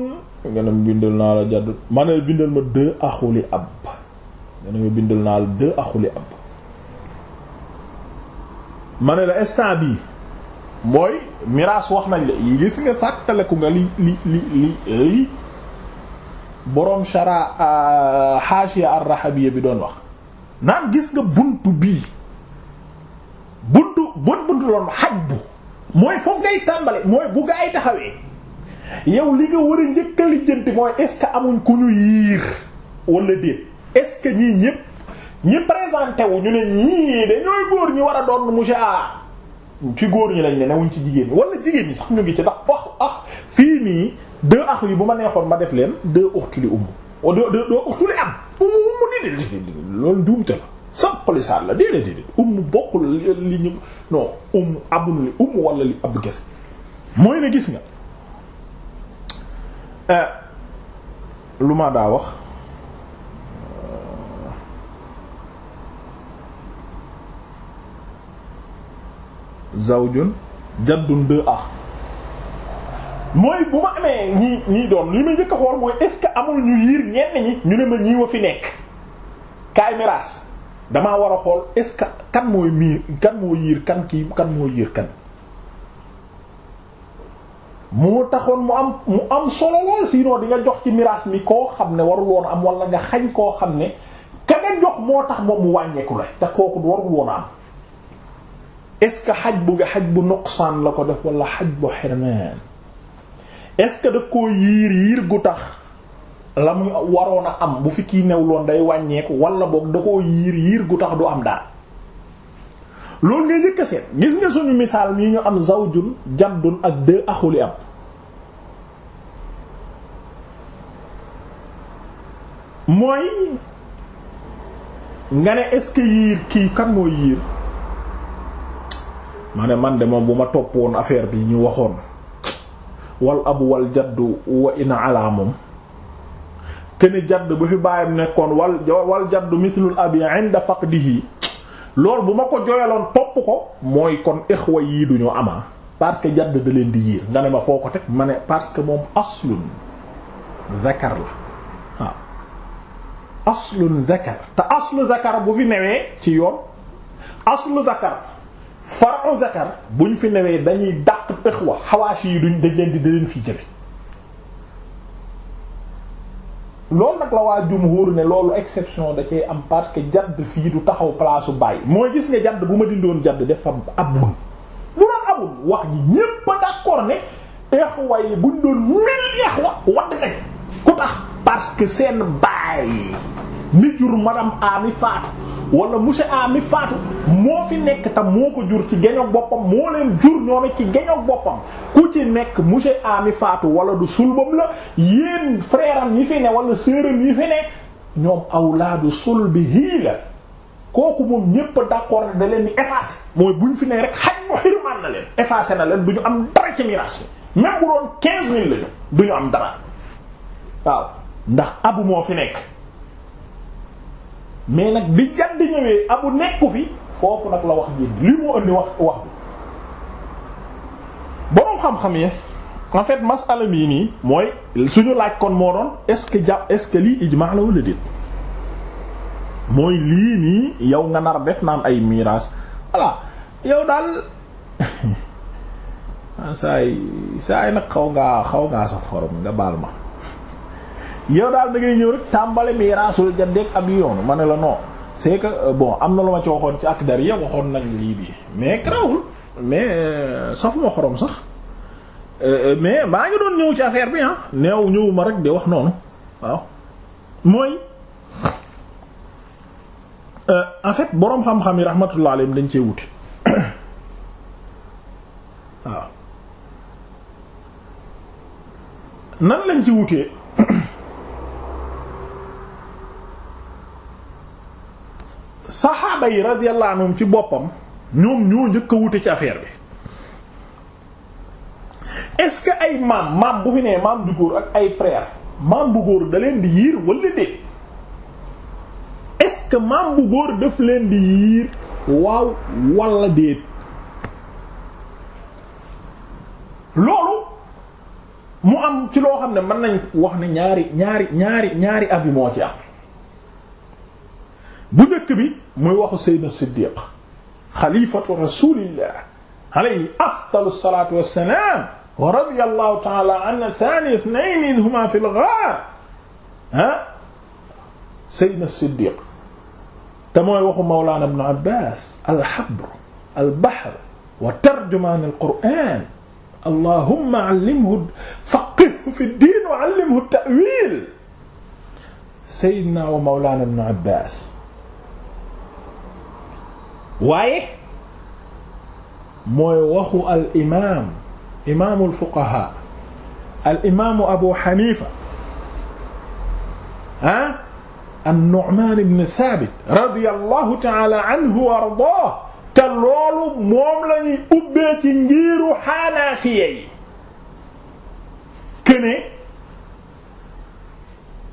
S1: nga la jaddun ma bindal ma deux axuli ab nga la deux axuli mooy miraas wax nañ la yi gis nga fàttaleku nga li li li li li boroom shara xaasiya ar-rahabiyya bi doon wax naan gis nga buntu bii buntu bun buntu doon xaj bu mooy foofu ngay tàmbale mooy bu gaa yi taxawee yow li nga war a njëkk a lijjanti mooy est-ce que amuñ ku ñu yiir wala déet est-ce que ñii ñépp ñi présenté wu ñu ne ñii dañooy góor ñi war a doon mu monsieur A ci góor ñi lañ ne newuñ ci jigéen ñi wala jigéen ñi sax ñu ngi ci ndax wax ah fii nii deux axu yi bu ma neexoon ma def leen deux uxtu li umm deux deux uxtu li am umm umm di di loolu njuumte la sànqalisaat la déedéet déedéet umm bokkul li ñu non umm abul li umm wala li ab gese mooy ne gis nga euh, lu ma daa wax euh, zawjun jaddun deux ah mooy bu ma amee ñii ñii doon li ma njëkk a xool mooy est-ce amul ñu yiir ñenn ñi ñu ne ma ñii wa fi nekk kaay miraas damaa war a xool est-ce que kan mooy miir kan moo yiir kan kii kan moo yiir kan moo taxoon mu am mu am solo lool sinon di nga jox ci miraas mi koo xam ne warul woon am wala nga xañ koo xam ne kan nga jox moo tax moom mu wàññeeku la te kooku warul am est-ce que xaj bu xaj bu nuqsaan la ko def wala xaj bu xirmaan est-ce que daf koo yiir yiir gu tax la muy waroon a am bu fi kii newloon day wàññeeku walla boog da koo yiir yiir gu tax du am daal loolu ngay njëkk a seet gis nga suñu misaal mi ñu am zawjun jaddun ak deux axuli am mooy nga ne est yiir kii kan mooy yiir ma ne man de moom bu ma topp woon affaire bi ñu waxoon wal abu wal jaddu wa in moom kene jadd bu fi bàyyam nekkoon wal wal jadd mislul abi di faqdihi lool bu ma ko jooyaloon topp ko mooy kon ixwa yii duñu amaa parce que jadd da leen di yiir nga ne ma foo ko teg ma ne parce que moom aslun zakar la waaw aslun zakar te aslu zakar bu fi newee ci yoon aslu zakar faru zakar ñu fi newee dañuy dàq ixwa xawaasi yi duñ dañ leen di da leen fi jële loolu nag la waa jumhur ne loolu exception da cee am parce que jadd fii du taxaw place su bàyyi mooy gis nga jadd bu ma dindoon jadd def fa abul bu doon abul wax ji ñépp a d'accord ne exwa yi buñ doon mil exwa wadd nañ ku tax parce que seen bàyyi mi jur madame A faatu wala monsieur A mi faatu moo fi nekk tam moo ko jur ci geñoog boppam moo leen jur ñoome ci geñoog boppam ku ci nekk monsieur A mi faatu wala du sulbam la yéen frère yi fi ne wala sœur yi fi ne ñoom awlaadu sulbihi la kooku moom ñépp d'accord da leen di effacer mooy bu ñu fi ne rek xaj mu xirmaan na leen effacer na leen du ñu am dara ci miraas bi même doon 15000 du ñu am dara waaw ndax abu moo fi nekk. mais nag bi jadd ñëwee abu nekku fi foofu nag la wax ji li moo indi wax wax bi boroom xam-xam yi en fait masala mii nii mooy suñu laaj kon moo doon est-ce que jàpp est que lii ijmaa la wala déet mooy lii nii yow nga nar def naan ay miraas voilà yow daal saay saay nag xaw ngaa xaw ngaa sa forom nga baal ma yow daal dangay ñëw rek tàmbale miraasul jaddeeg ab yoonu ma ne la non c'est que euh, bon am na lu ma ci waxoon ci ak dara waxoon nañ lii bi mais grawul mais euh, safuma xorom sax euh, mais maa ngi doon ñëw ci affaire bi ah neew ñëwuma rek de wax noonu waaw mooy en fait boroom xam-xam yi rahmatullah alayhim dañ cee wute waaw nan lañ ci wutee saxaaba yi radiyallahu anhum ci boppam ñoom ñoo njëkk a wute ci affaire bi est ay maam maam bu fi nee maam du góor ak ay frère maam bu góor da leen di yiir est-ce que góor daf leen di yiir waaw wala déet loolu mu am ci loo xam ne mën nañ wax ne ñaari ñaari ñaari ñaari avis moo ci am bu njëkk bi muy waxu Seydina Siddiq xalifatu rasulillah alayhi afdalu salaatu wassalaam wa radiyallahu ta'ala an thani ithnayn idhuma fil ghaar ah Seydina Siddiq te mooy waxu Mawlana Ibn Abbas al-habr al-bahr wa tarjumaan al-Qur'aan allahumma allimhu faqihhu fi diin wa allimhu ta'wiil Seydina wa Mawlana Ibn Abbas waaye mooy waxu al imaam imaamul fuqahaa al imaamu Abu Hanifa ah an-Nu'man ibn Thabit radiyallahu ta'ala anhu wa ardaahu te moom la ñuy ubbee ci ngiiru Hanafiya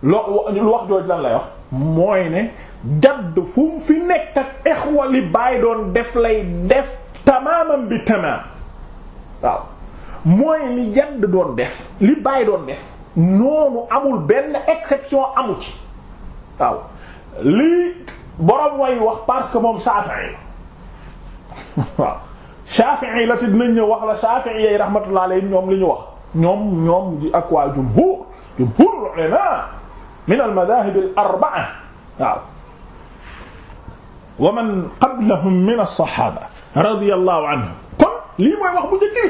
S1: loo wax jooju lan lay wax mooy ne jadd fu mu fi nekk ak exwa li baay doon def lay def tamaamam bi tamaam waaw mooy li jadd doon def li baay doon def noonu amul benn exception amu ci waaw lii borom way wax parce que moom Shafi'i waaw Shafi'i la ci dinañ ñëw wax la Shafi'i yi rahmatullah alayhim ñoom li ñu wax ñoom ñoom ak waa jumhur jumhur ulama min al madahib al arba'a waaw wa man qablahum min as-sahaba radiyallahu anhum kon lii mooy wax bu njëkk bi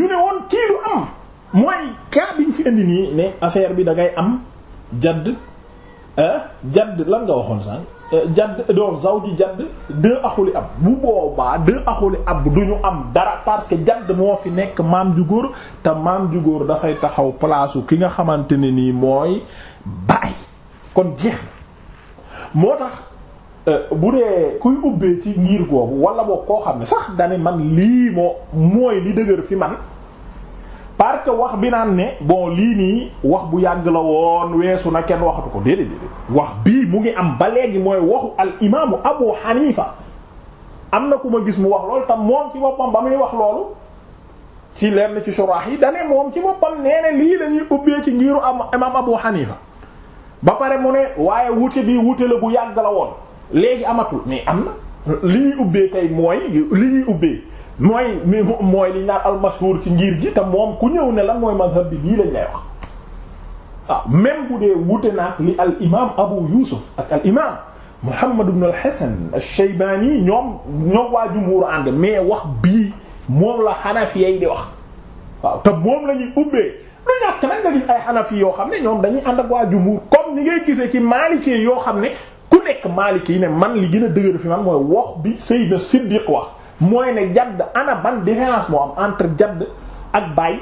S1: ñu ne woon kii lu am mooy cas bi ñu fi indi nii ne affaire bi da ngay am jadd ah, jadd lan nga waxoon sànq jadd doon ji jadd deux axuli ab bu boobaa deux axuli ab du am dara parce que jadd moo fi nekk maam ju góor te maam ju góor dafay taxaw palaasu ki nga xamante ne nii mooy baay kon jeex na moo tax euh, bu dee kuy ubbee ci ngir googu wala boo koo xam ne sax dane man lii moo mooy li dëgër fi man parce que wax bi naan ne bon lii nii wax bu yàgg la woon weesu na kenn waxatu ko déedéet déedéet wax bii mu ngi am ba léegi mooy waxu al imaamu Abu Hanifa am na ku ma gis mu wax loolu tam moom ci boppam ba muy wax loolu ci lenn ci surah yi dane moom ci boppam nee ne lii lañuy ubbee ci ngiru imaam Abu Hanifa ba pare mu ne waaye wute bi wute la bu yàgg la woon léegi amatul mais am na li ñuy ubbee tey mooy li ñuy ubbee mooy mooy li ñaar almashhur ci ngir gi te moom ku ñëw ne la mooy mazhab bi lii lañ lay wax waaw même bu dee wute naag li al imam Abu Yusuf ak al imam Muhammad ibn al Hasan ash-Shaybani ñoom ñoom waa jumhur ànd mais wax bii moom la Hanafi yi di wax te moom la ñuy ubbee lu ñàkk nag nga gis ay Hanafi yoo xam ne ñoom dañuy ànd ak waa jumhur comme ni ngay gisee ci Maliki yoo xam ne ku nekk Maliki yi ne man li gën a dëgër fi man mooy wax bi Sayyidna Siddiq wax mooy ne jadd ana ban différence moo am entre jadd ak baay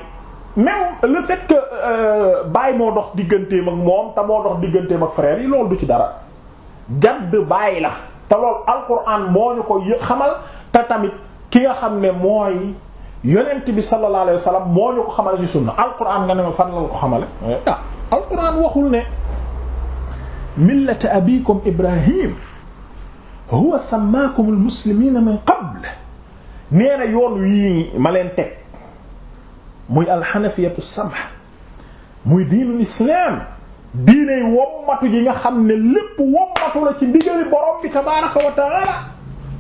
S1: même le fait que euh, baay moo dox digganteem ak moom te moo dox digganteem ak frère yi loolu du ci dara jadd baay la te loolu alquran moo ñu ko xamal te tamit ki nga xam ne mooy yonent bi sallallahu alayhi moo ñu ko xamal ci sunna alquran nga ne ma fan la ko xamale eh, ah alquran waxul ne millata abikum ibrahim huwa sammakumul muslimina min qabl nee yoon wii ma leen teg muy alxanafiyatu samha muy diinul islaam diiney wommatu ji nga xam ne lépp wommatu la ci ndigali borom bi tabaaraka wa taala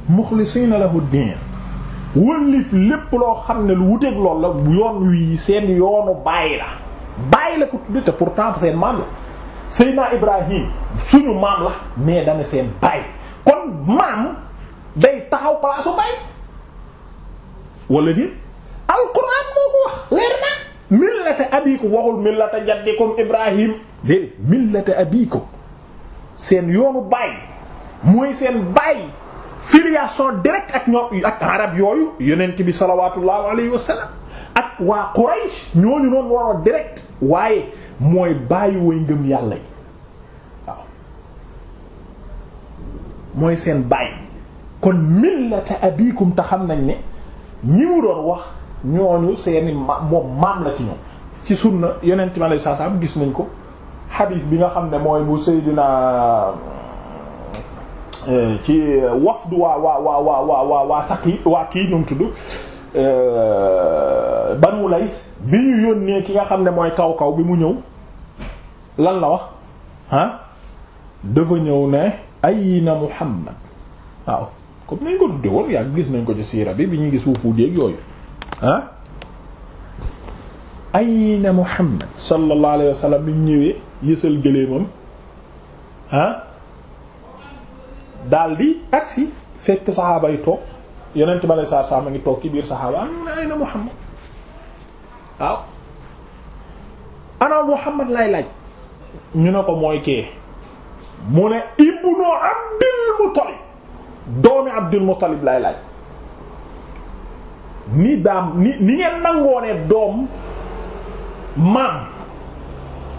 S1: muxlisiina lahu diin wëllif lépp loo xam ne lu wuteeg loolu la yoon wii seen yoonu bàyyi la bàyyi la ko tudde te pourtant seen maam la Seydina Ibrahim suñu maam la mais dana seen bàyyi kon maam day taxaw palaasu bàyyi wala déet alquran moo ko wax leer na millata abikum waxul millata jaddikum ibrahim déedéet millata abikum seen yoonu baay mooy seen baay filiation directe ak ñoom ak arab yooyu yonent bi salawatullahu alayhi waaye mooy bàyyi way ngëm yàlla yi mooy seen bàyyi kon millata abikum te xam nañ ne ñi mu doon wax ñooñu seeni ma moom maam la ci ñoom ci sunna yeneen ci ma lay saasaam gis nañ ko xadiis bi nga xam ne mooy bu Seydina euh, ci wafdu waa waa waa waa waa waa saqi waa kii ñu tudd euh, Banu Lays bi ñu yónnee ki nga xam ne mooy kaw kaw bi mu ñëw lan la wax ah dafa ñëw ne ayna Muhammad waaw comme nañ ko tudde woon yàgg gis nañ ko ci siira bi bi ñuy gis wufuud yeeg yooyu ah ayna Muhammad sallallahu alayhi bi ñu ñëwee yësal gëléemam ah daldi agsi fekk saxaaba yi toog yonent bi alayhi salaatu salaam a ngi toog ci saxaaba am na ayna Muhammad waaw ana Muhammad lay laaj ñu ne ko mooy kee mu ne ibnu Abdul Muttalib doomi Abdul Muttalib lay laaj ni daam ni ni ngeen nangoo ne doom maam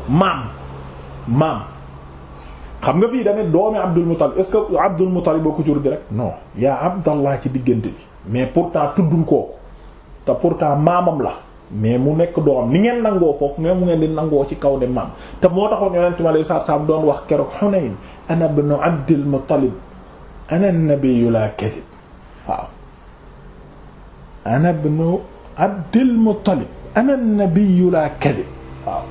S1: maam maam xam nga fii dane doomi Abdul Muttalib est-ce que Abdul Muttalib boo ko jur rek non yaa Abdallah ci diggante bi mais pourtant tuddul kooku te pourtant maamam la mais mu nekk doom ni ngeen nangoo foofu mais mu ngeen di nangoo ci kaw de maam te moo taxoon yonent mi alayhi salaatu salaam doon wax keroog Hunayn ana ibnu Abdul Muttalib ana nabiyyu laa kadib waaw ana ibnu Abdil Muttalib ana nabiyyu laa kadib waaw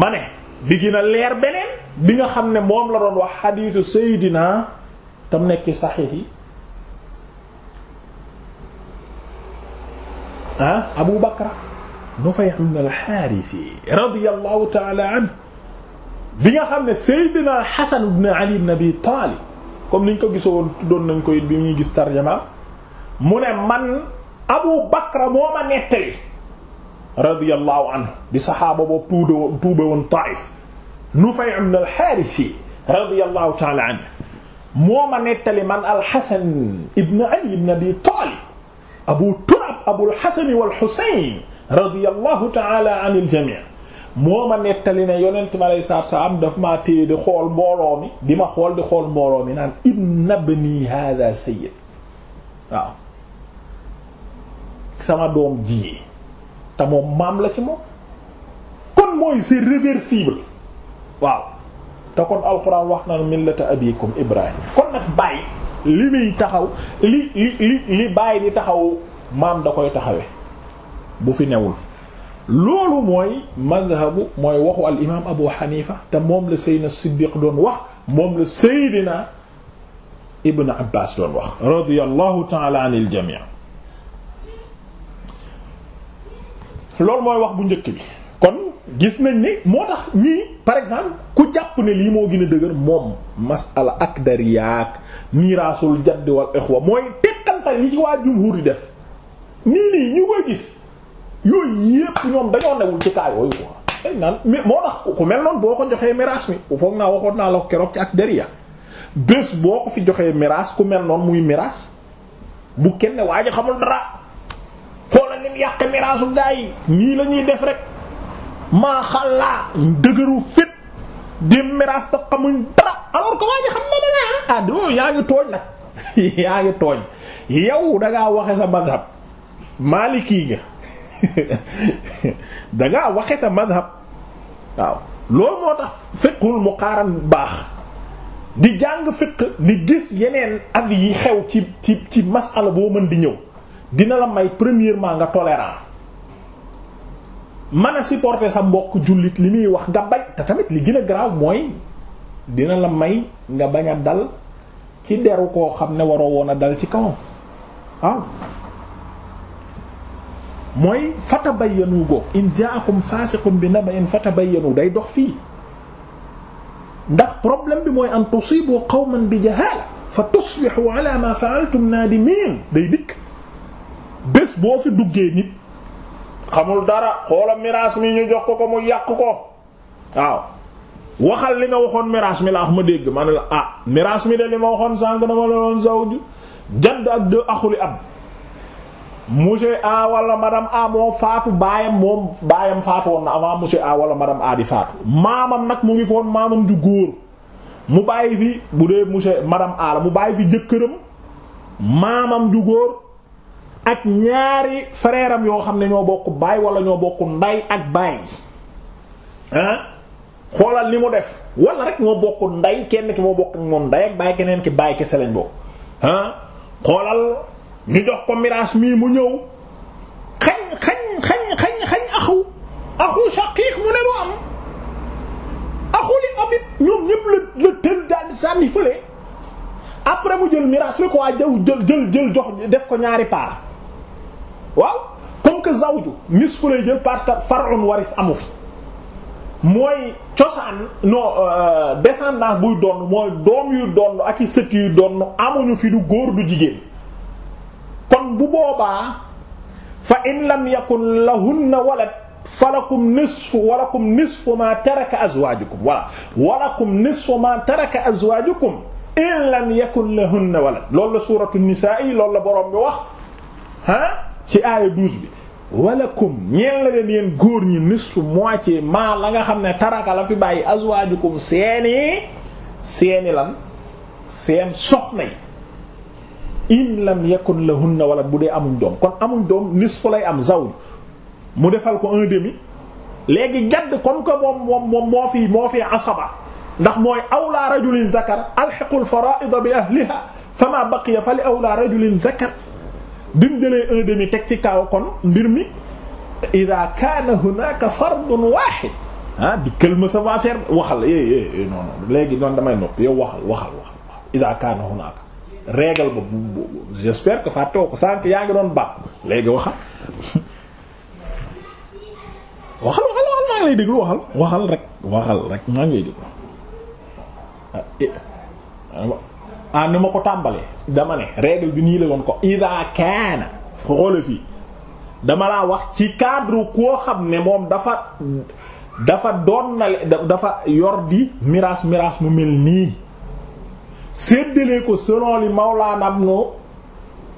S1: ma ne bi gën a leer beneen bi nga xam ne moom la doon wax xadiitu Seydina tam nekk saxiix yi ah Abu Bakra Nufay ibn al-Haaris radiyallahu ta'ala anhu bi nga xam ne Seydina Hasan ibn Ali ibn Abi Talib comme niñ ko gisoon tuddoon nañ ko it bi ñuy gis tarjama mu ne man Abu Bakra moo ma nettali radiyallahu anhu di saxaaba boobu tuube woon tuube woon Taif Nufay ibn al-Harisi ta'ala anhu moo ma nettali man al-Hasan Ali ibn Abi Talib Abu Turab Abul Hasan wal Husayn radiyallahu ta'ala anil jami' moo ma nettali ne yonent mi aleyhi salaatu salaam daf maa di xool mbooloo mi di ma xool di xool mbooloo mi naan inna ibni hada sayyid waaw sama doom ji te moom maam la ci moom kon mooy c'est réversible waaw te kon alxuraan wax na millata abikum ibrahim kon nag bàyyi li muy taxaw li li li li bàyyi di taxaw maam da koy taxawe bu fi newul loolu mooy madhabu mooy waxu al Abu Hanifa te moom la Seydina Siddiq doon wax moom la Seydina Ibn Abbas doon wax radiyallahu ta'ala anil jami' loolu mooy wax bu njëkk bi kon gis nañ ni moo tax ñii par exemple ku jàpp ne lii moo gën a dëgër moom masala akdariyaak miraasul jadd wal ixwa mooy tekkantal yi ci waa jumhur di def nii nii ñu koy gis yooyu yépp ñoom dañoo newul ci kaa yooyu quoi. moo tax ku mel noonu boo ko joxee miraas mi foog naa waxoon naa la ko keroog ci ak deriya bés boo ko fi joxee miraas ku mel noonu muy miraas bu kenn waa ji xamul dara xoolal ni mu yàqe miraasu nii lañuy def rek maa xallaa dëgëru fit di miraas te xamuñ dara alors que waa ji xam na dara ah. ah doo yaa ngi tooñ nag yaa ngi tooñ yow da ngaa waxe sa mazhab maliki nga dangaa waxeta madhab waaw loolu moo tax fiqhul muqaaran baax di jàng fiqh di gis yeneen avis yi xew ci ci ci masala boo mën di ñëw dina la may premièrement nga tolérant mën a sa mbokk jullit li muy wax nga bañ te tamit li gën a mooy dina la may nga bañ a dal ci deru koo xam ne waroo woon a dal ci kawam waaw mooy fatabayyanu goog in jaakum faasiqun bi naba'in fatabayyanu day dox fii ndax problème bi mooy an tusibu qawman bi jahaala fa tusbihu ala ma fa'altum naadimin day dikk bés boo fi duggee nit xamul dara xoola miraas mi ñu jox ko ko mu yàq ko waaw waxal li nga waxoon miraas mi la wax ma dégg ma ne la ah miraas mi de li ma waxoon sànq dama la doon zawju jadd ak de axuli ab monsieur A wala madame A faatu baayam moom baayam woon na avant monsieur A wala madame A di maamam nag mu ngi foon maamam ju góor mu bàyyi fi bu dee monsieur madame A la mu bàyyi fi jëkkëram maamam ju góor ak ñaari frère yoo xam ne ñoo bokk baay wala ñoo bokk nday ak baay ah xoolal li mu def walla rek ñoo bokk nday kenn ki moo bokk ak moom nday ak baay keneen ki baay kese lañ bokk ah xoolal. ñu jox ko miraas mii mu ñëw xañ xañ xañ xañ xañ axu axu mu ne lu am axu li abit ñoom ñëpp la la tël daal di sànni fële après mu jël miraas mi ko waa jaw jël jël jël jox def ko ñaari paar waaw comme que zawju mis fu lay jël parce que far'un waris amu fi mooy cosaan non euh, descendance buy donn mooy doom yuy donn ak i sët yuy donn amuñu fi du góor du jigéen kon bu boobaa fa in lam yakun lahunna walad falakum nisfu walakum nisfu ma taraka azwajukum wala walakum nisfu ma taraka azwajukum in lam yakun lahunna walad loolu la suuratu nisaa yi la borom bi wax ah ci aaya 12 bi walakum ñeel na leen yéen góor ñi nisfu moitié maa la nga xam ne taraka la fi bàyyi azwajukum seeni seeni lan seen soxna yi in lam yakun lahunna wala bu dee amuñ doom kon amuñ doom nisfu lay am zawj mu defal ko un demi léegi jadd comme que moom moom moom moo fi moo fi asaba ndax mooy awla rajulin zakar alhiqul fara'id bi ahliha fama baqiya fali awla rajulin zakar bi mu jëlee un demi teg ci kaw kon mbir mi ida kaana hunaka fardun wahid ah di këlma sa va faire waxal é eh, eh, eh, non non léegi noonu damay nopp yow waxal waxal waxal ida kaana hunaka règle ba j'espère que fàttewoo ko sànq yaa ngi doon bàq léegi waxal waxal waxal waxal maa ngi lay déglu waxal waxal rek waxal rek maa ngi lay déglu ah, eh, ah ni ma ko tàmbalee dama ne règle bi nii la woon ko ida kaana xoole fii dama laa wax ci cadre koo xam ne moom dafa dafa doon na dafa yor di miraas miraas mu mel nii séddalee ko selon li mawlaana ibnu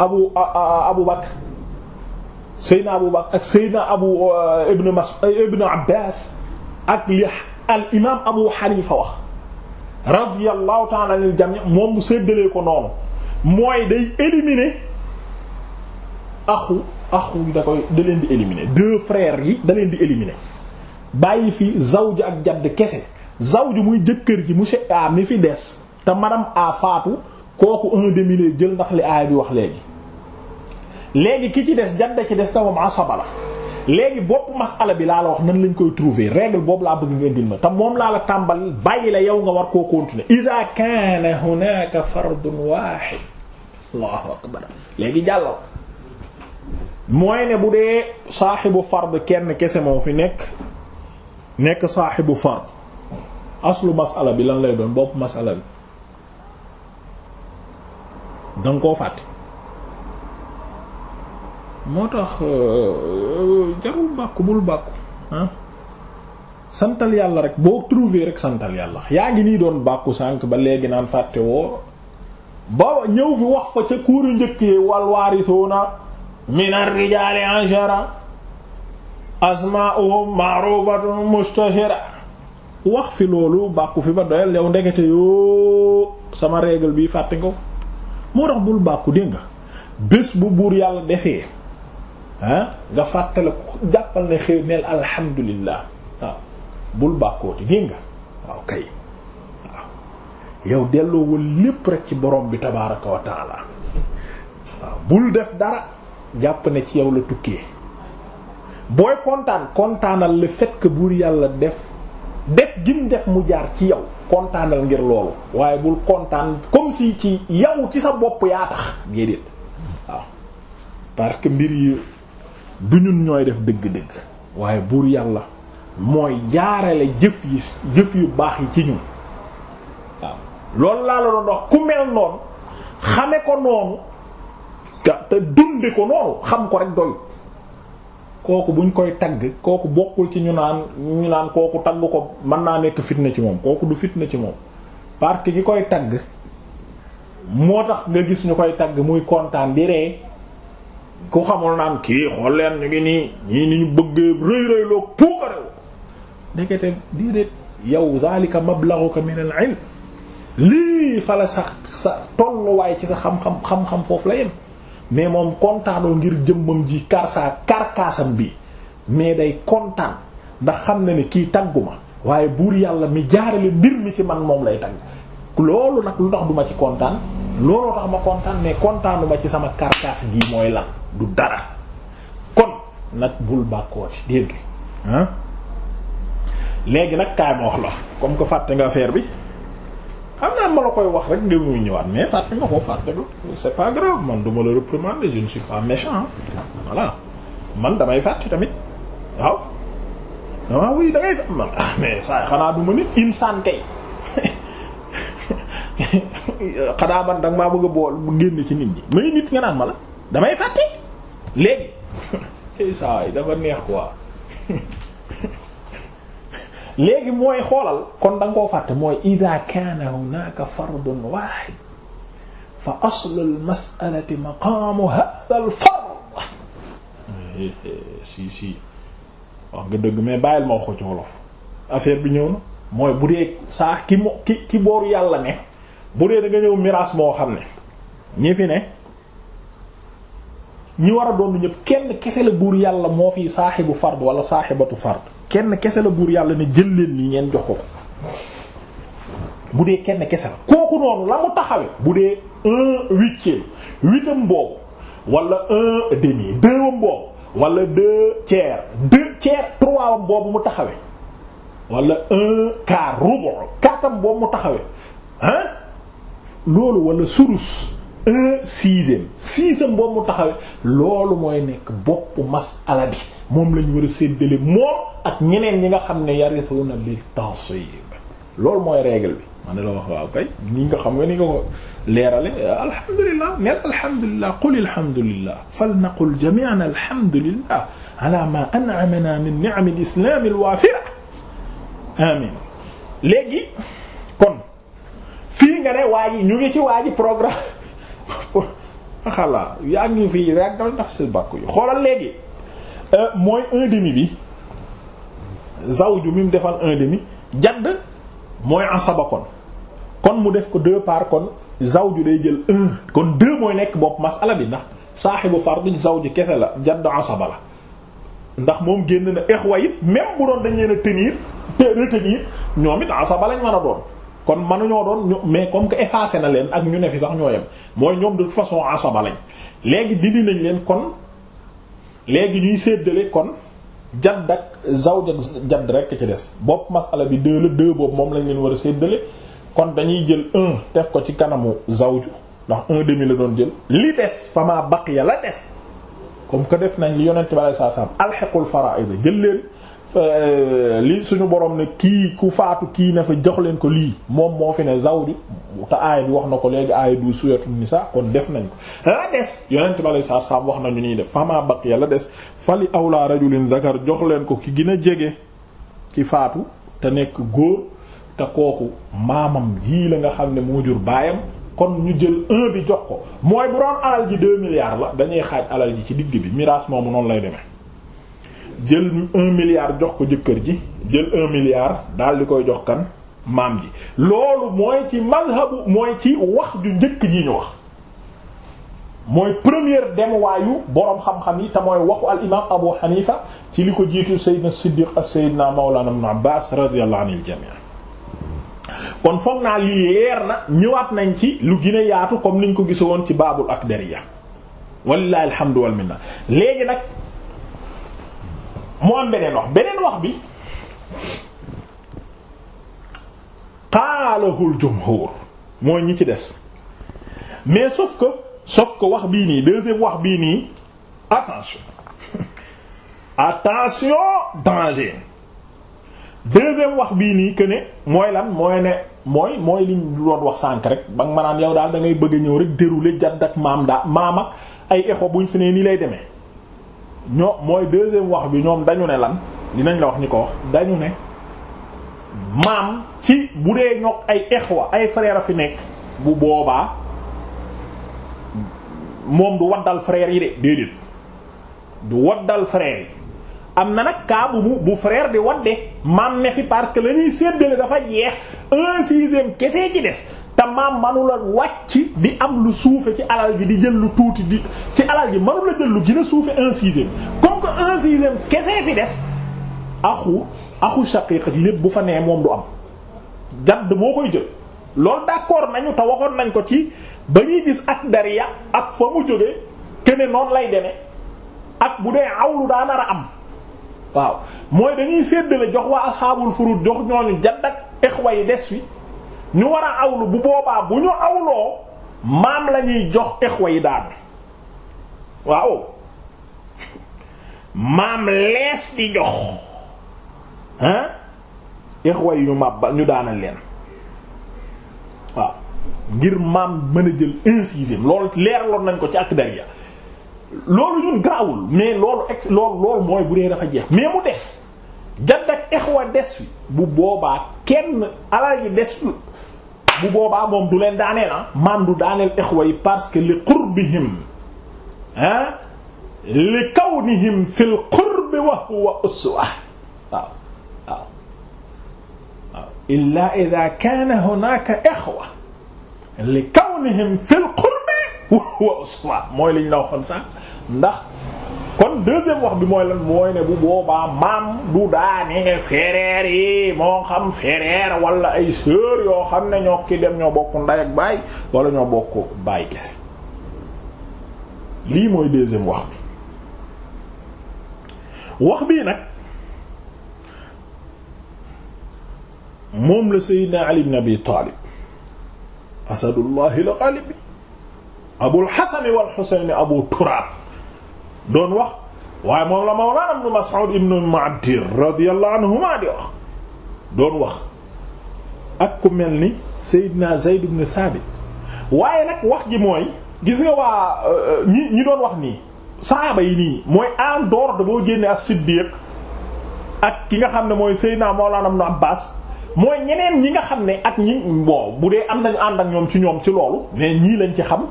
S1: abu abu bakr seydna abu bakr ak seydna abu uh, ibnu mas'ud uh, ibnu abbaas ak li al imaam abu xanifa wax radiyallahu ta'ala anil jami' moom mu séddalee ko noonu mooy day éliminer axu axu yi da koy da leen di éliminer deux frères yi da leen di éliminer bàyyi fi zawj ak jadd kese zawj muy jëkkër ji monsieur A ah, mi fi des te madame a faatu kooku un demi jël ndax li aaya bi wax léegi léegi ki ci des jadda ci des tawam asaba la léegi bopp masala bi laa la wax nan lañ koy trouver règle boobu laa bëgg ngeen dil ma te moom laa la tàmbal bàyyi la yow nga war koo continuer ida kaana hunaka fardun wahid allahu akbar léegi jàllal mooy ne bu dee saaxibu fard kenn kese moo fi nekk nekk saaxibu fard aslu masala bi lan lay doon bopp masala bi danga koo fàtte moo tax euh, jarul bàkku bul bàkku ah santal yàlla rek boo trouvé rek santal yàlla yaa ngi nii doon bàkku sànq ba léegi naan fàtte woo ba ñëw fi wax fa ca kuuru njëkk yi wal waarisuuna minar rijaali anshara asmaa'uhum ma'rufatun mustashira wax fi loolu bàkku fi ba doyal yow ndekete yoo sama règle bi fàtte ko moo tax bul bàkku dégg bés bu buur yàlla defee ah nga fàttale ko jàppal ne xëy neel alhamdulillah bul bàkkooti dégg waaw kay yow delloo wal lépp rek ci borom bi tabaraka wa waaw bul def dara jàpp na ci yow la tukkee booy kontaan kontaanal le fait que buur yàlla def def gim def mu jaar ci yow kontaanal ngir loolu waaye bul kontaan comme si ci yow ci sa bopp yaa tax gédéet waaw parce que mbir yi du ñun ñooy def dëgg-dëgg waaye buur yàlla mooy jaarale jëf yi jëf yu baax yi ci ñun loolu laa la doon wax ku mel noonu xame ko noonu te dunde ko noonu xam ko rek doy kooku buñ koy tagg kooku bokkul ci ñu naan ñu naan kooku tagg ko mën naa nekk fitna ci moom kooku du fitna ci moom parce que ki koy tagg moo tax nga gis ñu koy tagg muy kontaan di ree ku xamul naan kii xool leen ñu ngi nii ñii ni ñu bëggee rëy rëy loo puukarew ndekete déedéet yow zalika mablaghuka min al lii fa la sa sa tolluwaay ci sa xam-xam xam-xam foofu la yem mais moom kontaanoo ngir jëmmam ji karsaa karkaasam bi mais day kontaan ndax xam na ne kii tagguma waaye buur yàlla mi jaarale mbir mi ci man moom lay tagg loolu nag lu tax duma ci kontaan loolu tax ma kontaan mais kontaanuma ci sama karkaas gii mooy lan du dara kon nag bul bàkkooti dégg ah léegi nag kaay ma wax la comme que fàtte nga affaire bi xam naa ma la koy wax rek nga muy ñëwaat mais fàtte ma ko fàttelu c'est pas grave man duma la réprimander je ne suis pas méchant voilà man damay fàtte tamit waaw ah oui da ngay man ah, mais saa xanaa duma nit insaan kay xanaa man danga maa bëgg a bool génn ci nit ñi may nit nga naan ma la damay fàtte léegi tey saa yi dafa neex quoi léegi mooy xoolal kon da koo fàtte mooy ida kaana hunaka fardun wahid fa aslu almasalati maqaamu hadha al fard si si nga dëgg mais bàyyil ma wax ko ci wolof affaire bi ñëw na mooy bu dee saa ki mo ki ki booru yàlla ne bu dee da ñëw miraas moo xam ne ñi fi ne ñi war a doon ñëpp kenn kese la buur yàlla moo fi saaxibu fard wala saaxibatu fard kenn kese la buur yàlla ne jël leen li ngeen jox ko bu dee kenn kese la kooku noonu la mu taxawe bu dee un huitième huitième boobu wala un demi deuxième boobu wala deux tiers deux tiers trois am boobu mu taxawe wala un quart rubu quatre boobu mu taxawe hein loolu wala surus un sixième sixième boobu mu taxawee loolu mooy nekk boppu masala bi moom lañu war a séddale moom ak ñeneen ñi nga xam ne yarisuna bil tansib loolu mooy règle bi ma ne la xam nga ni nga ko leerale alhamdulilah neel alhamdulilah qul alhamdulilah fal naqul jami'an alhamdulilah ala ma an'amana min ni'am al-islam al-wafira kon fii nga ne waa ji ñu ci waa programme xalaa yaa ngi fi ràggal ndax si bàkku yi xoolal léegi euh, mooy un demi bi zawju mi mu defal un demi jadd mooy asaba kon kon mu def ko deux parts kon zawju day jël kon deux mooy nekk bopp masala bi ndax bu saaxibu fard zawju kese la jadd asaba la ndax moom génn na exwa it même bu doon dañ leen a tenir te retenir ñoom it asaba lañ man a doon kon mënuñoo doon mais comme que effacé na leen ak ñu ne fi sax ñoo yem mooy ñoom de façon asaba lañ léegi di dindi nañ leen kon léegi ñuy séddale kon jadd ak zawj ak jadd rekk ci des bopp masala bi deux la deux boobu moom lañ leen war a séddale kon dañuy jël un def ko ci kanamu zawju ndax un demi la doon jël li des fama baqiya la des comme que def nañ li yonent bi sallallahu alayhi wasallam alhiqul fara'id jël leen Euh, lii suñu borom ne kii ku faatu kii na fa jox leen ko lii moom moo fi ne zawju te aaya bi wax na ko léegi aaya du suyatu nisa kon def nañ ko la des yonent ba lay saa saam wax nañu nii def fama baq yàlla des fali awla rajulin zakar jox leen ko ki gën jege ki faatu te nekk góor te kooku maamam jii la nga xam ne moo jur baayam kon ñu jël un bi jox ko mooy bu doon alal ji deux milliards la dañuy xaaj alal ji ci digg bi miraas moomu noonu lay demee jël un milliard jox ko jëkkër ji jël un milliard daal di koy jox kan maam ji loolu mooy ci mazhabu mooy ci wax ju njëkk ji ñu wax mooy première demwaayu boroom xam-xam yi te mooy waxu al Abu Hanifa ci li ko jiitu Seydina Siddiq ak Seydina Mawlana Ibn Abbas radiyallahu anil jami' kon foog naa lii leer na ñëwaat nañ ci lu gine a yaatu comme niñ ko gisoon ci baabul ak dariya walilahi alhamdu wal léegi nag mu am beneen wax beneen wax bi qaalahul jumhur mooy ñi ci des mais sauf que sauf que wax bii nii deuxième wax bii nii attention attention danger deuxième wax bii nii que ne mooy lan mooy ne mooy mooy liñ doon wax sànk rek ba nga ma naan yow daal dangay bëgg ñëw rek dérouler jadd ak maam daa maam ak ay exo buñ fi ne nii lay demee ño mooy deuxième wax bi ñoom dañu ne lan dinañ la wax ni ko wax dañu ne maam ci bu dee ñoog ay exwa ay frère a fi nekk bu boobaa moom du waddal frère yi de déedéet du waddal frère yi am na nag cas bu mu bu frère di wadde maam ne fi parce que la ñuy séddale dafa jeex un sixième kese ci des te maam manula wàcc di am lu suufe ci alal ji di jël lu tuuti di ci alal ji manula jël lu gën suufe un sixième comme que un sixième kese fi des axu axu shaqiq lépp bu fa nee moom du am jadd moo koy jël loolu d'accord nañu te waxoon nañ ko ci ba gis ak dariya ak fa mu jógee kene noonu lay demee ak bu dee awlu daa nar am waaw mooy dañuy séddale jox waa asxaabul furud jox ñooñu jadd ak exwa yi des fi ñu war a awlu bu boobaa bu ñu awloo maam la ñuy jox exwa yi daan waaw maam lees di jox ah exwa yi ñu ba ñu daan a leen waaw ngir maam mën a jël un lool loolu leeraloon nañ ko ci ak dariya loolu ñun gaawul mais loolu ex loolu loolu mooy bu dee dafa jeex mais mu des jadd ak exwa des fi bu boobaa kenn alal ji desul bu boobaa du leen daaneel ah maam du daaneel ixwa yi parce que li qurbihim ah li kawnihim fil qurbi wa huwa uswa waaw waaw waaw illa idha kana hunaka ixwa li kawnihim wa huwa uswa mooy liñ la waxoon sax ndax deuxième wax bi mooy lan mooy ne bu boobaa maam du daane fereer yi moo xam fereer wala ay sœur yoo xam ne ñoo ki dem ñoo bokk nday ak baay wala ñoo bokk baay kese lii mooy deuxième wax bi wax bii nag moom la Seydina Ali ibn Abi Talib asadullahi al ghalib Abul Hasan wal Husayn Abu Turab doon wax waaye moom la mawlaana ibnu Mas'ud ibnu Mu'addir radiyallahu anhuma di wax doon wax ak ku mel ni Seydina Zayd ibnu Thabit waaye nag wax ji mooy gis nga waa euh, ñi ñi doon wax nii saxaaba yi nii mooy en dehors de boo génnee as-Siddiq ak ki nga xam ne mooy Seydina mawlaana ibnu Abbaas mooy ñeneen ñi nga xam ne ak ñi bon bu dee am nañu ànd ak ñoom ci ñoom ci loolu mais ñii lañ ci xam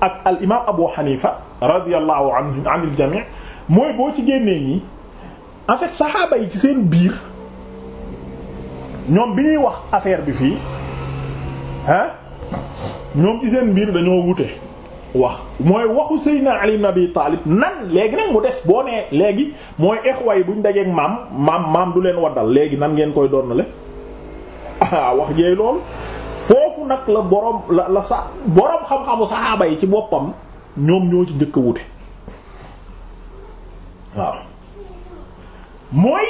S1: ak al imaam Abu Hanifa radiyallahu anhu anil jami' mooy boo ci génnee ñi en saxaaba yi ci seen biir ñoom bi ñuy wax affaire bi fii ah ñoom ci seen biir dañoo wute wax mooy waxu Seydina Ali ibn Abi Taalib nan léegi nag mu des boo nee léegi mooy exwa yi buñ dajeeg maam maam maam du leen waddal léegi nan ngeen koy doon le ah wax jeey loolu foofu nag la borom la la sa borom xam-xamu saxaaba yi ci boppam ñoom ñoo ci njëkk a wute. waaw mooy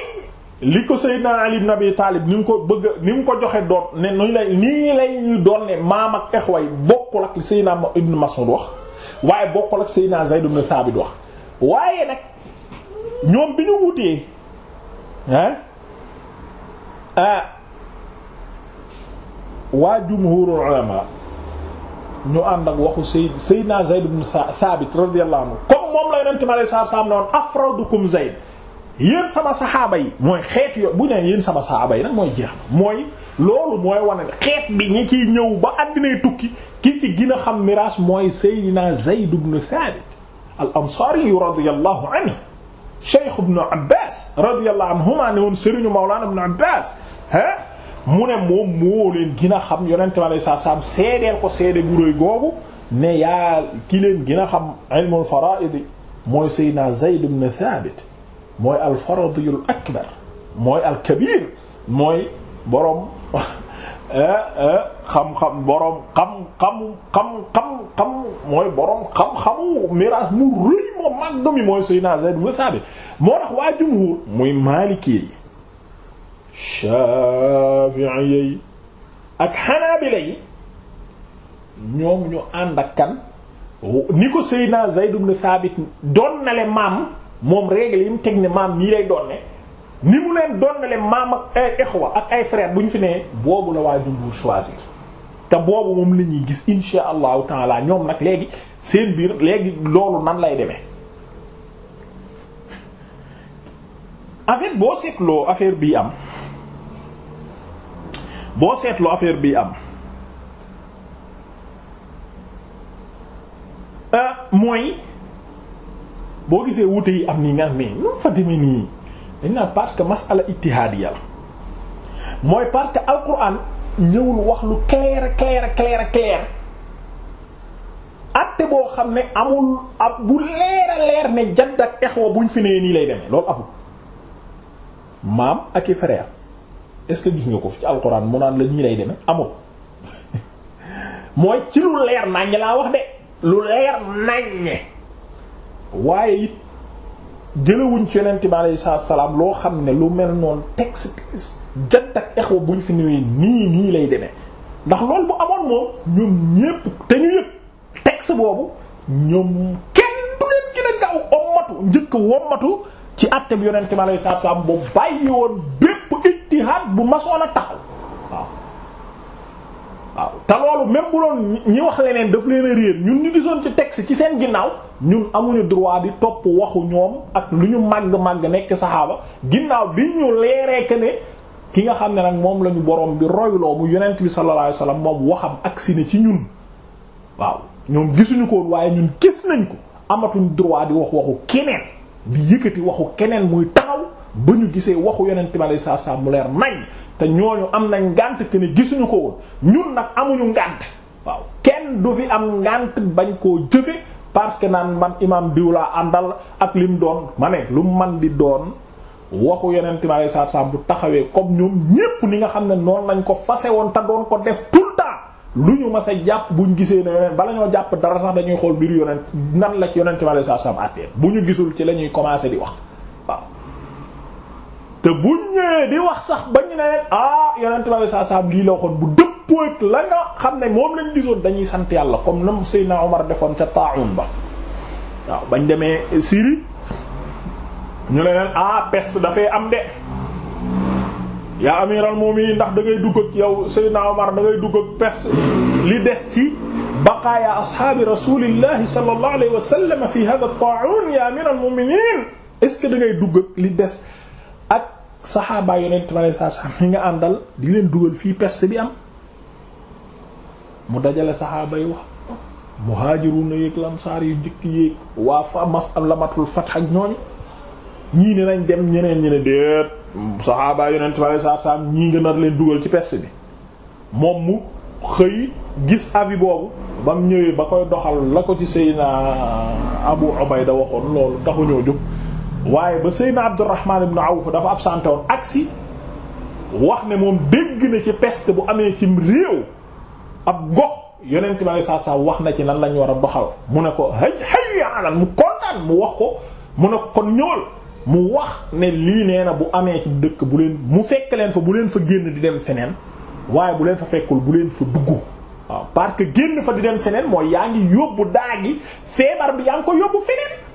S1: li ko Seydina Ali ibn Abi Taalib ni mu ko bëgg ni mu ko joxe doon ne nuy lay nii lay ñuy doon ne maam ak exway bokkul ak li Seydina Ibn Mas'ud wax waaye bokkul ak Seydina Zayd ibn Thabit wax waaye nag ñoom bi ñu wutee ah waa jumhurul ulama ñu ànd ak waxu Seydina Zayd ibn Thabit radiyallahu anhu yonent mi alayhi salaatu salaam ne woon afradukum sama saxaaba mooy xeet yo bu nee sama saxaaba yi nag mooy jeex mooy loolu mooy wane ne xeet bi ñi ciy ñëw ba àddinay tukki ki ci gën a xam miraas mooy Seydina Zayd ibn Thabit al ansaari radiyallahu anhu Cheikh ibn Abbas radiyallahu anhuma ne woon sëriñu Mawlana ibn Abbas ah mu ne moom moo leen gën a xam yonent mi alayhi salaatu salaam seedeel ko seede bu rëy googu ne yaa ki leen gën a xam ilmul faraa'id mooy Seydina Zayd ibn Thabit mooy al-Faradiyul akbar mooy al-kabir mooy boroom eh, eh, xam-xam boroom xam-xam xam-xam xam mooy boroom xam-xamu miraas mu rëy moo màgg mi mooy Seydina Zayd ibn Thabit moo tax waa jumhuur muy Maliki yi Shafi'i yi ak Hanabila yi ñoom ñu ànd ak kan ni ko Seydina Zayd ibn Thabit donnale maam moom règle yi mu teg ne maam nii lay donne ni mu leen donnale maam ak ay exwa ak ay frère bu ñu fi nee boobu la waa jumbuur choisir te boobu moom la ñuy gis insha allahu taala ñoom nag léegi seen biir léegi loolu nan lay demee en boo seetloo affaire bii am boo seetloo affaire bii am Euh, mooy boo gisee wuute yi am nii nga am nii nu fa demee nii dañ naan parce que masala ittihaadiya la mooy parce que alquran ñëwul wax lu clair clair clair clair atte boo xam ne amul ab bu leer a leer ne jadd ak exwa buñ fi nee nii lay demee loolu amul maam ak i frère est-ce que gis nga ko fi ci alquran mu naan la nii lay demee amul mooy ci lu leer naa ñi laa wax de. lu leer naññe waaye it jëlawuñ ci yonent bi alayhi salaam loo xam ne lu mel noonu texte jadd ak exwa buñ fi ñëwee nii nii lay demee ndax loolu bu amoon moom ñoom ñépp te ñu yëpp texte boobu ñoom kenn du leen gën a gaaw ommatu njëkk wommatu ci àtte bi yonent bi alayhi salaam boobu bàyyi woon bépp ittihaad bu masoon a taxaw waaw waaw te loolu même bu doon ñi wax leneen daf leen a réer ñun ñu gisoon ci texte ci seen ginnaaw ñun amuñu droit di topp waxu ñoom ak lu ñu màgg-màgg nekk saxaaba ginnaaw bi ñu leeree que ne ki nga xam ne nag moom la ñu borom bi royloo mu yonent bi sallallahu alayhi wasallam moom waxam agsi ne ci ñun waaw ñoom gisuñu ko waaye ñun gis nañ ko amatuñ droit di wax waxu keneen di yëkkati waxu keneen muy taxaw bu ñu gisee waxu yonent bi alayhi salaatu salaam mu leer nañ te ñooñu am nañ ngànt que ne gisuñu ko woon ñun nag amuñu ngànt waaw kenn du fi am ngànt bañ koo jëfe parce que naan man imam diw àndal ak lim doon ma ne lu man di doon waxu yonent bi alayhi salaatu salaam bu taxawee comme ñoom ñépp ni nga xam ne noonu lañ ko fase woon te doon ko def tout le lu ñu ma a jàpp bu ñu gisee ne yonent bala ñoo jàpp dara sax dañuy xool mbir yonent nan la ci yonent bi alayhi salaatu salaam bu ñu gisul ci la ñuy commencer di wax te buñ di wax sax ba ñu ne leen ah, saa saa lii la waxoon bu dëppoo ak langa xam ne moom lañ gisoon dañuy sant yàlla comme nam Seydina Omar defoon ca Taa'un ba waaw bañ demee Syrie ñu ne leen ah peste dafay am de yaa amiral mu'minin ndax da ngay dugg ak yow Seydina Omar da ngay dugg ak peste li des ci baqaaya ashaabi rasulillahi sallallahu alayhi wa sallam fi hada Taa'un ya amiral mu'minin est ce que da ngay dugg li des. saxaabaa yonent ma lay saa saa mi nga àndal di leen dugal fii peste bi am mu dajale saxaaba yi wax muhaajiruun yéeg lamsaar yu njëkk yéeg waa fa la matul fat ak ñooñu ñii ne nañ dem ñeneen ñi ne déet saxaabaa yonent ma lay saa ñii nga nar leen dugal ci peste bi moom mu xëy gis avis boobu ba mu ñëwee ba koy doxal la ko ci Seydina Abu Ubayda waxoon loolu taxuñoo jóg waaye ba Seydina Abdurrahman ibn Awf dafa absenté woon agsi wax ne moom dégg na ci peste bu amee cim réew ab gox yonent bi saa saa wax na ci lan lañ war a doxal mu ne ko hay hayya ala mu kontaan mu wax ko mu ne ko kon ñëwal mu wax ne lii nee na bu amee ci dëkk bu leen mu fekk leen fa bu leen fa génn di dem feneen waaye bu leen fa fekkul bu leen fa dugg waaw parce que génn fa di dem feneen mooy yaa ngi yóbbu daa gi feebar bi yaa ngi ko yóbbu feneen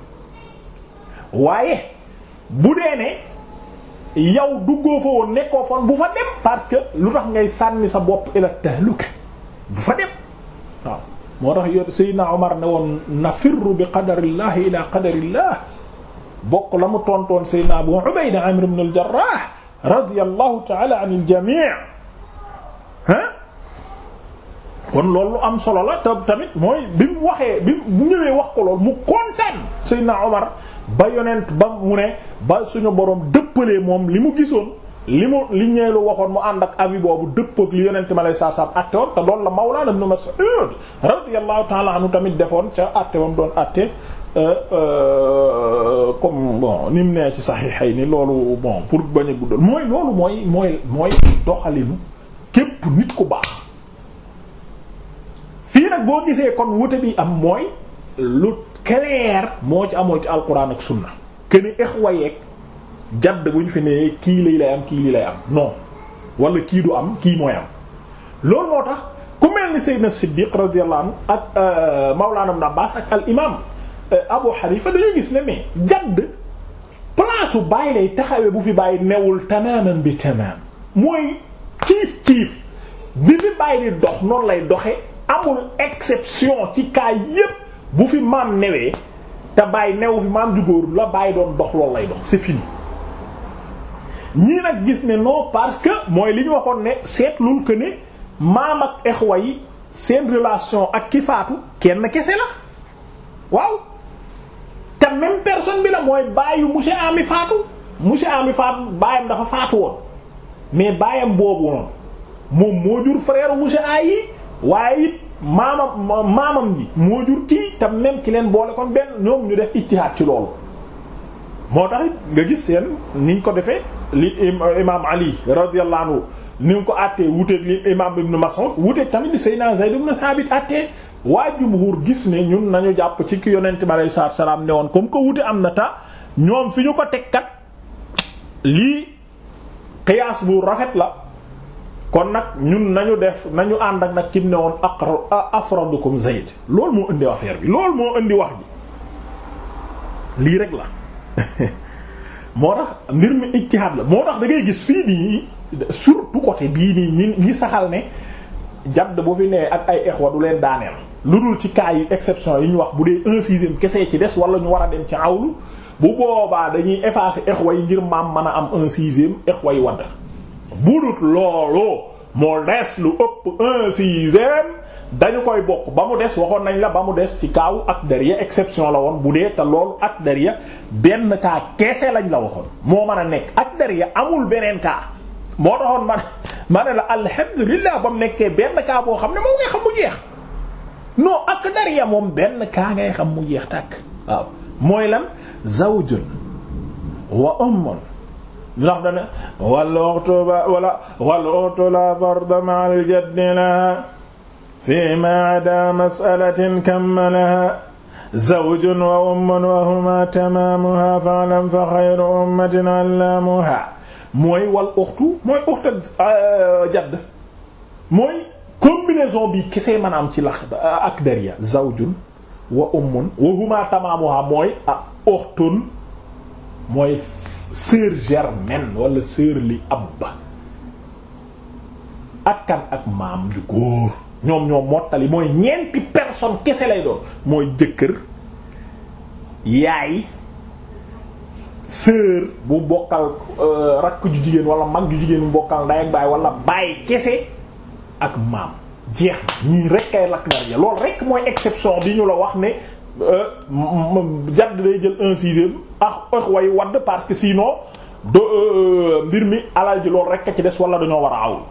S1: waaye bu dee ne yow duggoo fa woon nekkoo bu fa dem parce que lu tax ngay sànni sa bopp ila tahluka bu fa dem waaw moo tax yo Seydina Omar ne woon nafirru bi qadarillah ila qadarillah bokk la mu tonton Seydina Abu Ubayda Amir ibn al-Jarrah radiyallahu ta'ala anil jami' ha kon loolu am solo la tamit mooy bi mu waxee bi mu ñëwee wax ko lool mu kontaan Seydina Omar ba yonent ba mu ne ba suñu borom dëppalee moom li mu gisoon li mu li ñeelu waxoon mu ànd ak avis boobu dëppoo ak li yonent ma lay saa saa àtte woon te loolu la Mawlaana Ibn Mas'ud radiyallahu ta'ala anhu tamit defoon ca àtte ba mu doon àtte euh, euh, comme bon ni mu nee ci saxiixay ni loolu bon pour bañ a guddal mooy loolu mooy mooy mooy doxalinu képp nit ku baax fii nag boo gisee kon wute bi am mooy lu. clair moo ci amoon ci alquran ak sunna exwa yeeg jadd bu ñu fi nee kii lii lay am kii lii lay am non wala kii du am kii mooy am loolu moo tax ku mel ni Seydina Siddiq radiyallahu anhu ak euh, Mawlana Ibn ak al imam euh, Abu Hanifa dañuy gis ne mais jadd place bàyyi lay taxawee bu fi bàyyi newul tamaman bi tamam mooy kiif kiif bi fi bàyyi di dox noonu lay doxe amul exception ci cas yépp bu fi maam newee te bàyyi new fi maam ju góor la bàyyi doon dox loolu lay dox c'est fini ñii nag gis ne non parce que mooy li ñu waxoon ne seetlul que ne maam ak exwa yi seen relation ak ki faatu kenn kese la waaw te même personne bi la mooy bàyyi monsieur ami faatu monsieur ami faatu baayam dafa faatu woon mais baayam boobu woon moom moo jur frère monsieur ayi waaye it maamam maamam ji moo jur kii te même ki leen boole kon benn ñoom ñu def ijtihaad ci loolu moo tax nga gis seen niñ ko defee li imaam Ali radiyallahu anhu ni nga ko àttee wuteeg li imaam ibn Mas'ud wuteeg tamit li Seydina Zayd ibn Thabit àttee waa jumhur gis ne ñun nañu jàpp ci ki yonent bi alayhi salaatu salaam ne woon comme que wute am na ta ñoom fi ñu ko teg kat lii qiyaas bu rafet la kon nag ñun nañu def nañu ànd ak nag kim ne woon aqra afradukum zayd loolu moo indi affaire bi lool moo indi wax ji lii rek la moo tax mbir mi ijtihaad la moo tax da ngay gis fii nii surtout côté bii nii ñi ñi saxal ne jadd bu fi nee ak ay exwa du leen daaneel lu dul ci cas yi exception yu ñu wax bu dee un sixième kese ci des wala ñu war a dem ci awlu bu boobaa dañuy effacer exwa yi ngir maam mën a am un sixième exwa yi wadd budut loolu moo des lu ëpp un sixième dañu koy bokk ba mu des waxoon nañ la ba mu des ci kaaw ak Akdariya exception la woon bu dee te loolu Akdariya benn kaa keese lañ la waxoon moo mën a nekk Akdariya amul beneen kaa moo taxoon man ma ne la alhamdulilah ba mu nekkee benn kaa boo xam ne moom ngay xam mu jeex non Akdariya moom benn kaa ngay xam mu jeex tàkk waaw mooy lan zawjun wa ummun ndax dana wal uxtu ba wala wal uxtu la farda ma al jaddi laha fi ma ada masalatin kammalaha zawjun wa ummun wa huma tamaamuha fa'lam fa xayru ummatin allaamuha mooy wal uxtu mooy uxtu euh, jadd mooy combinaison bi kese mën a am ci lax ak dariya zawjun wa ummun wa huma tamaamuha mooy a ah, uxtun mooy sœur germaine wala sœur li abba ak kan ak maam ju góor ñoom ñoo mottali mooy ñeenti personne kese lay doon mooy jëkkër yaay sœur bu bokkal euh, rakk ju jigéen wala mag ju jigéen bu bokkal nday ak baay wala baay kese ak maam jeex na ñii rek kay lakk nar ya loolu rek mooy exception bi ñu la wax ne euh, jadd day jël un sixième ak ox way wadd parce que sinon do euh, mbir mi alal ji loolu rek a ci des wala dañoo war a awul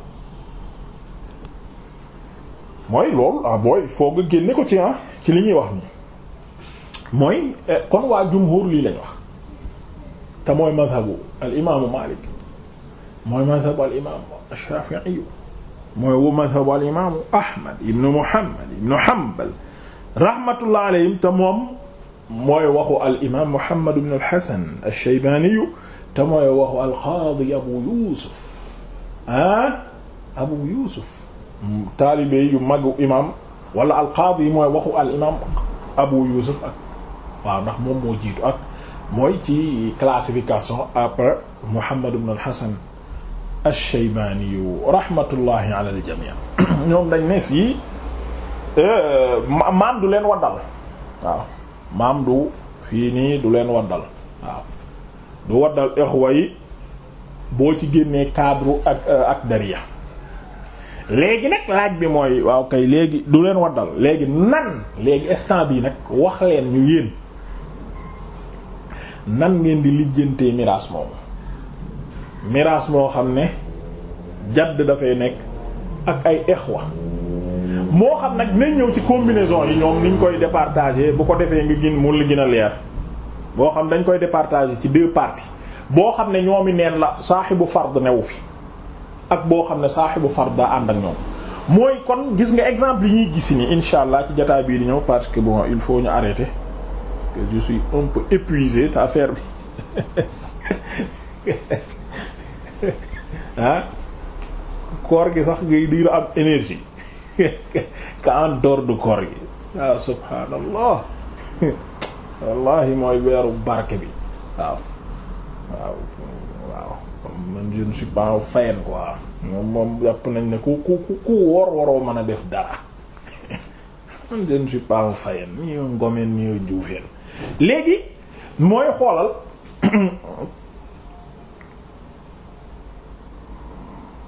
S1: mooy loolu ah booy foo nga génne ko ci ah ci li ñuy wax ni mooy eh, kon waa jumhur lii lañ wax te mooy mazhabu al imaamu Maalik mooy mazhabu al imaamu Shaafi'i mooy wu mazhabu al imaamu Ahmad ibnu Muhammad ibnu Hanbal rahmatullah alayhim te moom mooy waxu al imaam Muhammad ibn al Hasan ash-Shaybaani te mooy waxu al qaadi Abu Yuusuf ah Abu Yuusuf taalibe yu magu imaam wala al qaadi mooy waxu al imaam Abu Yuusuf ak waaw ndax moom moo jiitu ak mooy ci classification après Muhammad ibn al Hasan ash-Shaybaani rahmatullahi ala al jamii ñoom dañ ne fii eh, maam du leen waddal waaw. maam du fii nii du leen waddal waaw du waddal exwa yi boo ci génnee cadre ak euh, ak dariya léegi nag laaj bi mooy waaw kay léegi du leen waddal léegi nan léegi instant yi nag wax leen ñu yéen nan ngeen di lijjante miraas moomu miraas moo xam ne jadd dafay nekk ak ay exwa moo xam nag nañ ñëw ci combinaison yi ñoom niñ koy départager bu ko defee nga gin mu la gën a leer boo xam dañ koy départager ci deux parties boo xam ne ñoomi neen la saaxibu fard newu fi ak boo xam ne saaxibu fard daa ànd ak ñoom mooy kon gis nga exemple yi ñuy gis ni incha allah ci jotaay bii di ñëw parce que bon il faut ñu arrêter que je suis un peu épuisé affaire bi ah koor gi sax ngay di la am énergie ka en dehors du koor gi waaw ah, wallahi mooy weeru barke bi waaw waaw waaw comme man je ne suis pas moom moom jàpp nañ ne ku ku ku wor waroo mën a def dara man je ne suis pas fayen ni ngomeen juufeen léegi mooy xoolal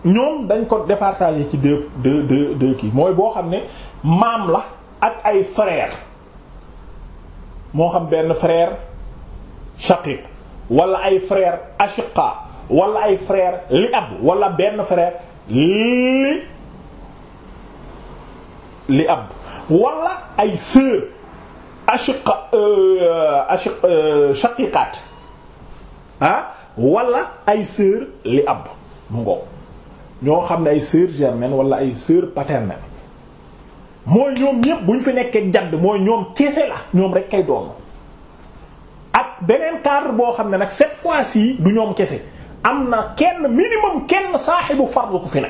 S1: ñoom dañ ko départager ci deux deux deux deux kii mooy boo xam ne maam la ak ay frère moo xam benn frère shaqiq walla ay frère ashiqa walla ay frère li ab wala benn frère li li wala ay sœur ashiqa ashiq euh, euh, shaqiqat ah wala ay sœur li ab mu ngo ñoo xam ne ay sœur germaine wala ay sœur paternelle mooy ñoom ñépp bu ñu fi nekkee jadd mooy ñoom kese la ñoom rek kay doon ak beneen cadre boo xam ne nag cette fois-ci du ñoom kese am na kenn minimum kenn saaxibu fardu ku fi ne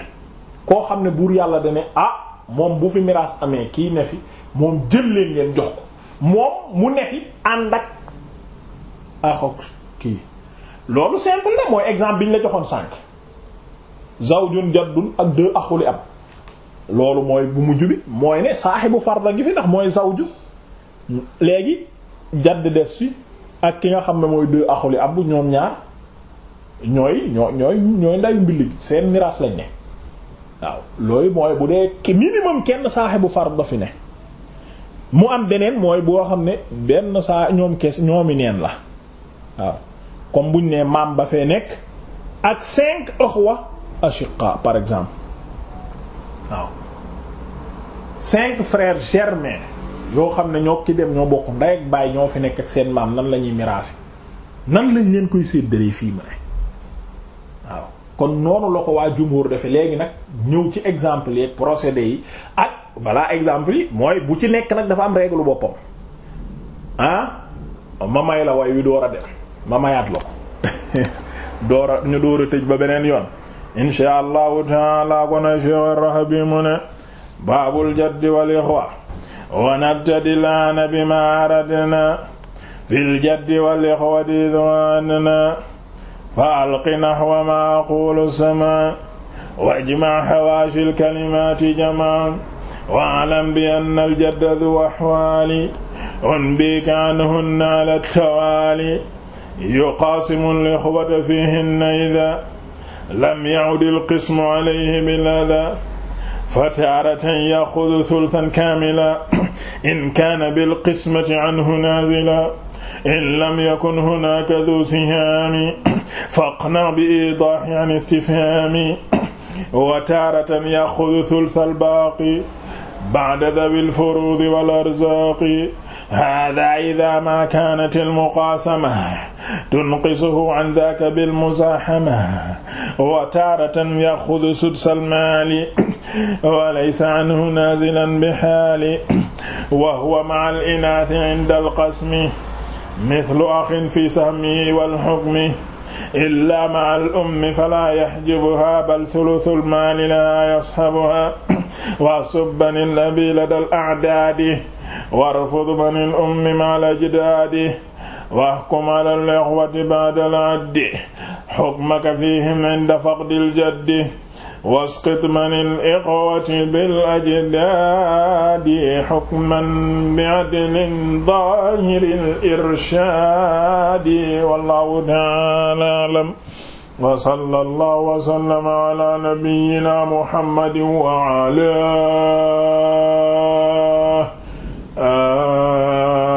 S1: koo xam ne buur yàlla da ne ah moom bu fi miraas amee kii ne fi moom jël leen jox ko moom mu ne fi ànd ak ah kii loolu simple na mooy exemple bi ñu la joxoon sànq. zawjun jaddun ak deux axuli ab loolu mooy bu mujj bi mooy ne saaxibu farda gi fi ndax mooy sawju léegi jadd des fi ak ki nga xam ne mooy deux axuli ab ñoom ñaar ñooy ñoo ñooy ñooy ndayu mbilli seen miraas lañ ne waaw loolu mooy bu dee minimum kenn saaxibu farda fi ne mu am beneen mooy boo xam ne benn saa ñoom kees ñoomi neen la waaw comme buñ ne maam ba fee nekk ak cinq axwa ashiqa par exemple waaw cinq frères germains yoo xam ne ñoo ki dem ñoo bokk ndey ak baay ñoo fi nekk ak seen maam nan la ñuy miraase nan lañ leen koy séddalee fii mu ne waaw kon noonu la ko waa jumhur defe léegi nag ñëw ci exemple yeeg procédé yi ak balaa exemple yi mooy bu ci nekk nag dafa am règle boppam ah ma may la way wi door a dem ma mayaat la ko door a ñu door a tëj ba beneen yoon insha allahu taala kona cheikh rahabi mu ne baabul jaddi wal ixwa wa nabtadi laana bima aradna fil jaddi wal ixwati duwaanna fa alqi nahwa ma aqulu sama wajma xawaashi lkalimaati jamaa waalam bi ann aljadda du axwaali unbika anhunna ala tawaali yuqaasimu lixwata fihinna ida lam ya'ud al-qismu alayhi bil-adha fataaratan ya'khudhu thulthan kaamila in kaana bil-qismati anhu naazila in lam yakun hunaaka dhu sihaami faqna' bi-iidaahi 'an istifhaami wa taaratan ya'khudhu thultha al-baaqi ba'da dhawi al-furuudi wal-arzaaqi hada ida ma kanat almuqaasama tunqisuhu an daka bilmuzaahama wa taaratan yaxudu sudsa almaali wa laysa anhu naazilan bihaali wa huwa ma'a al-inaathi inda al-qasmi mithlu axin fi sahmihi wal-hukmi illaa ma'a al-ummi falaa yahjubuhaa bal thuluthu al-maali laa yashabuhaa wa subban al-abii lada al-a'daadi warfud man al ummi ma al ajdaadi waxkum ala al ixwati ba'da al addi xukmaka fihim inda faqdi al jaddi wasqit man al ixwati bil ajdaadi xukman bi adlin daahiril irshaadi wallaahu ta'aala a'lam wa sallallahu wa sallama ala nabiyyina muhammadin wa ala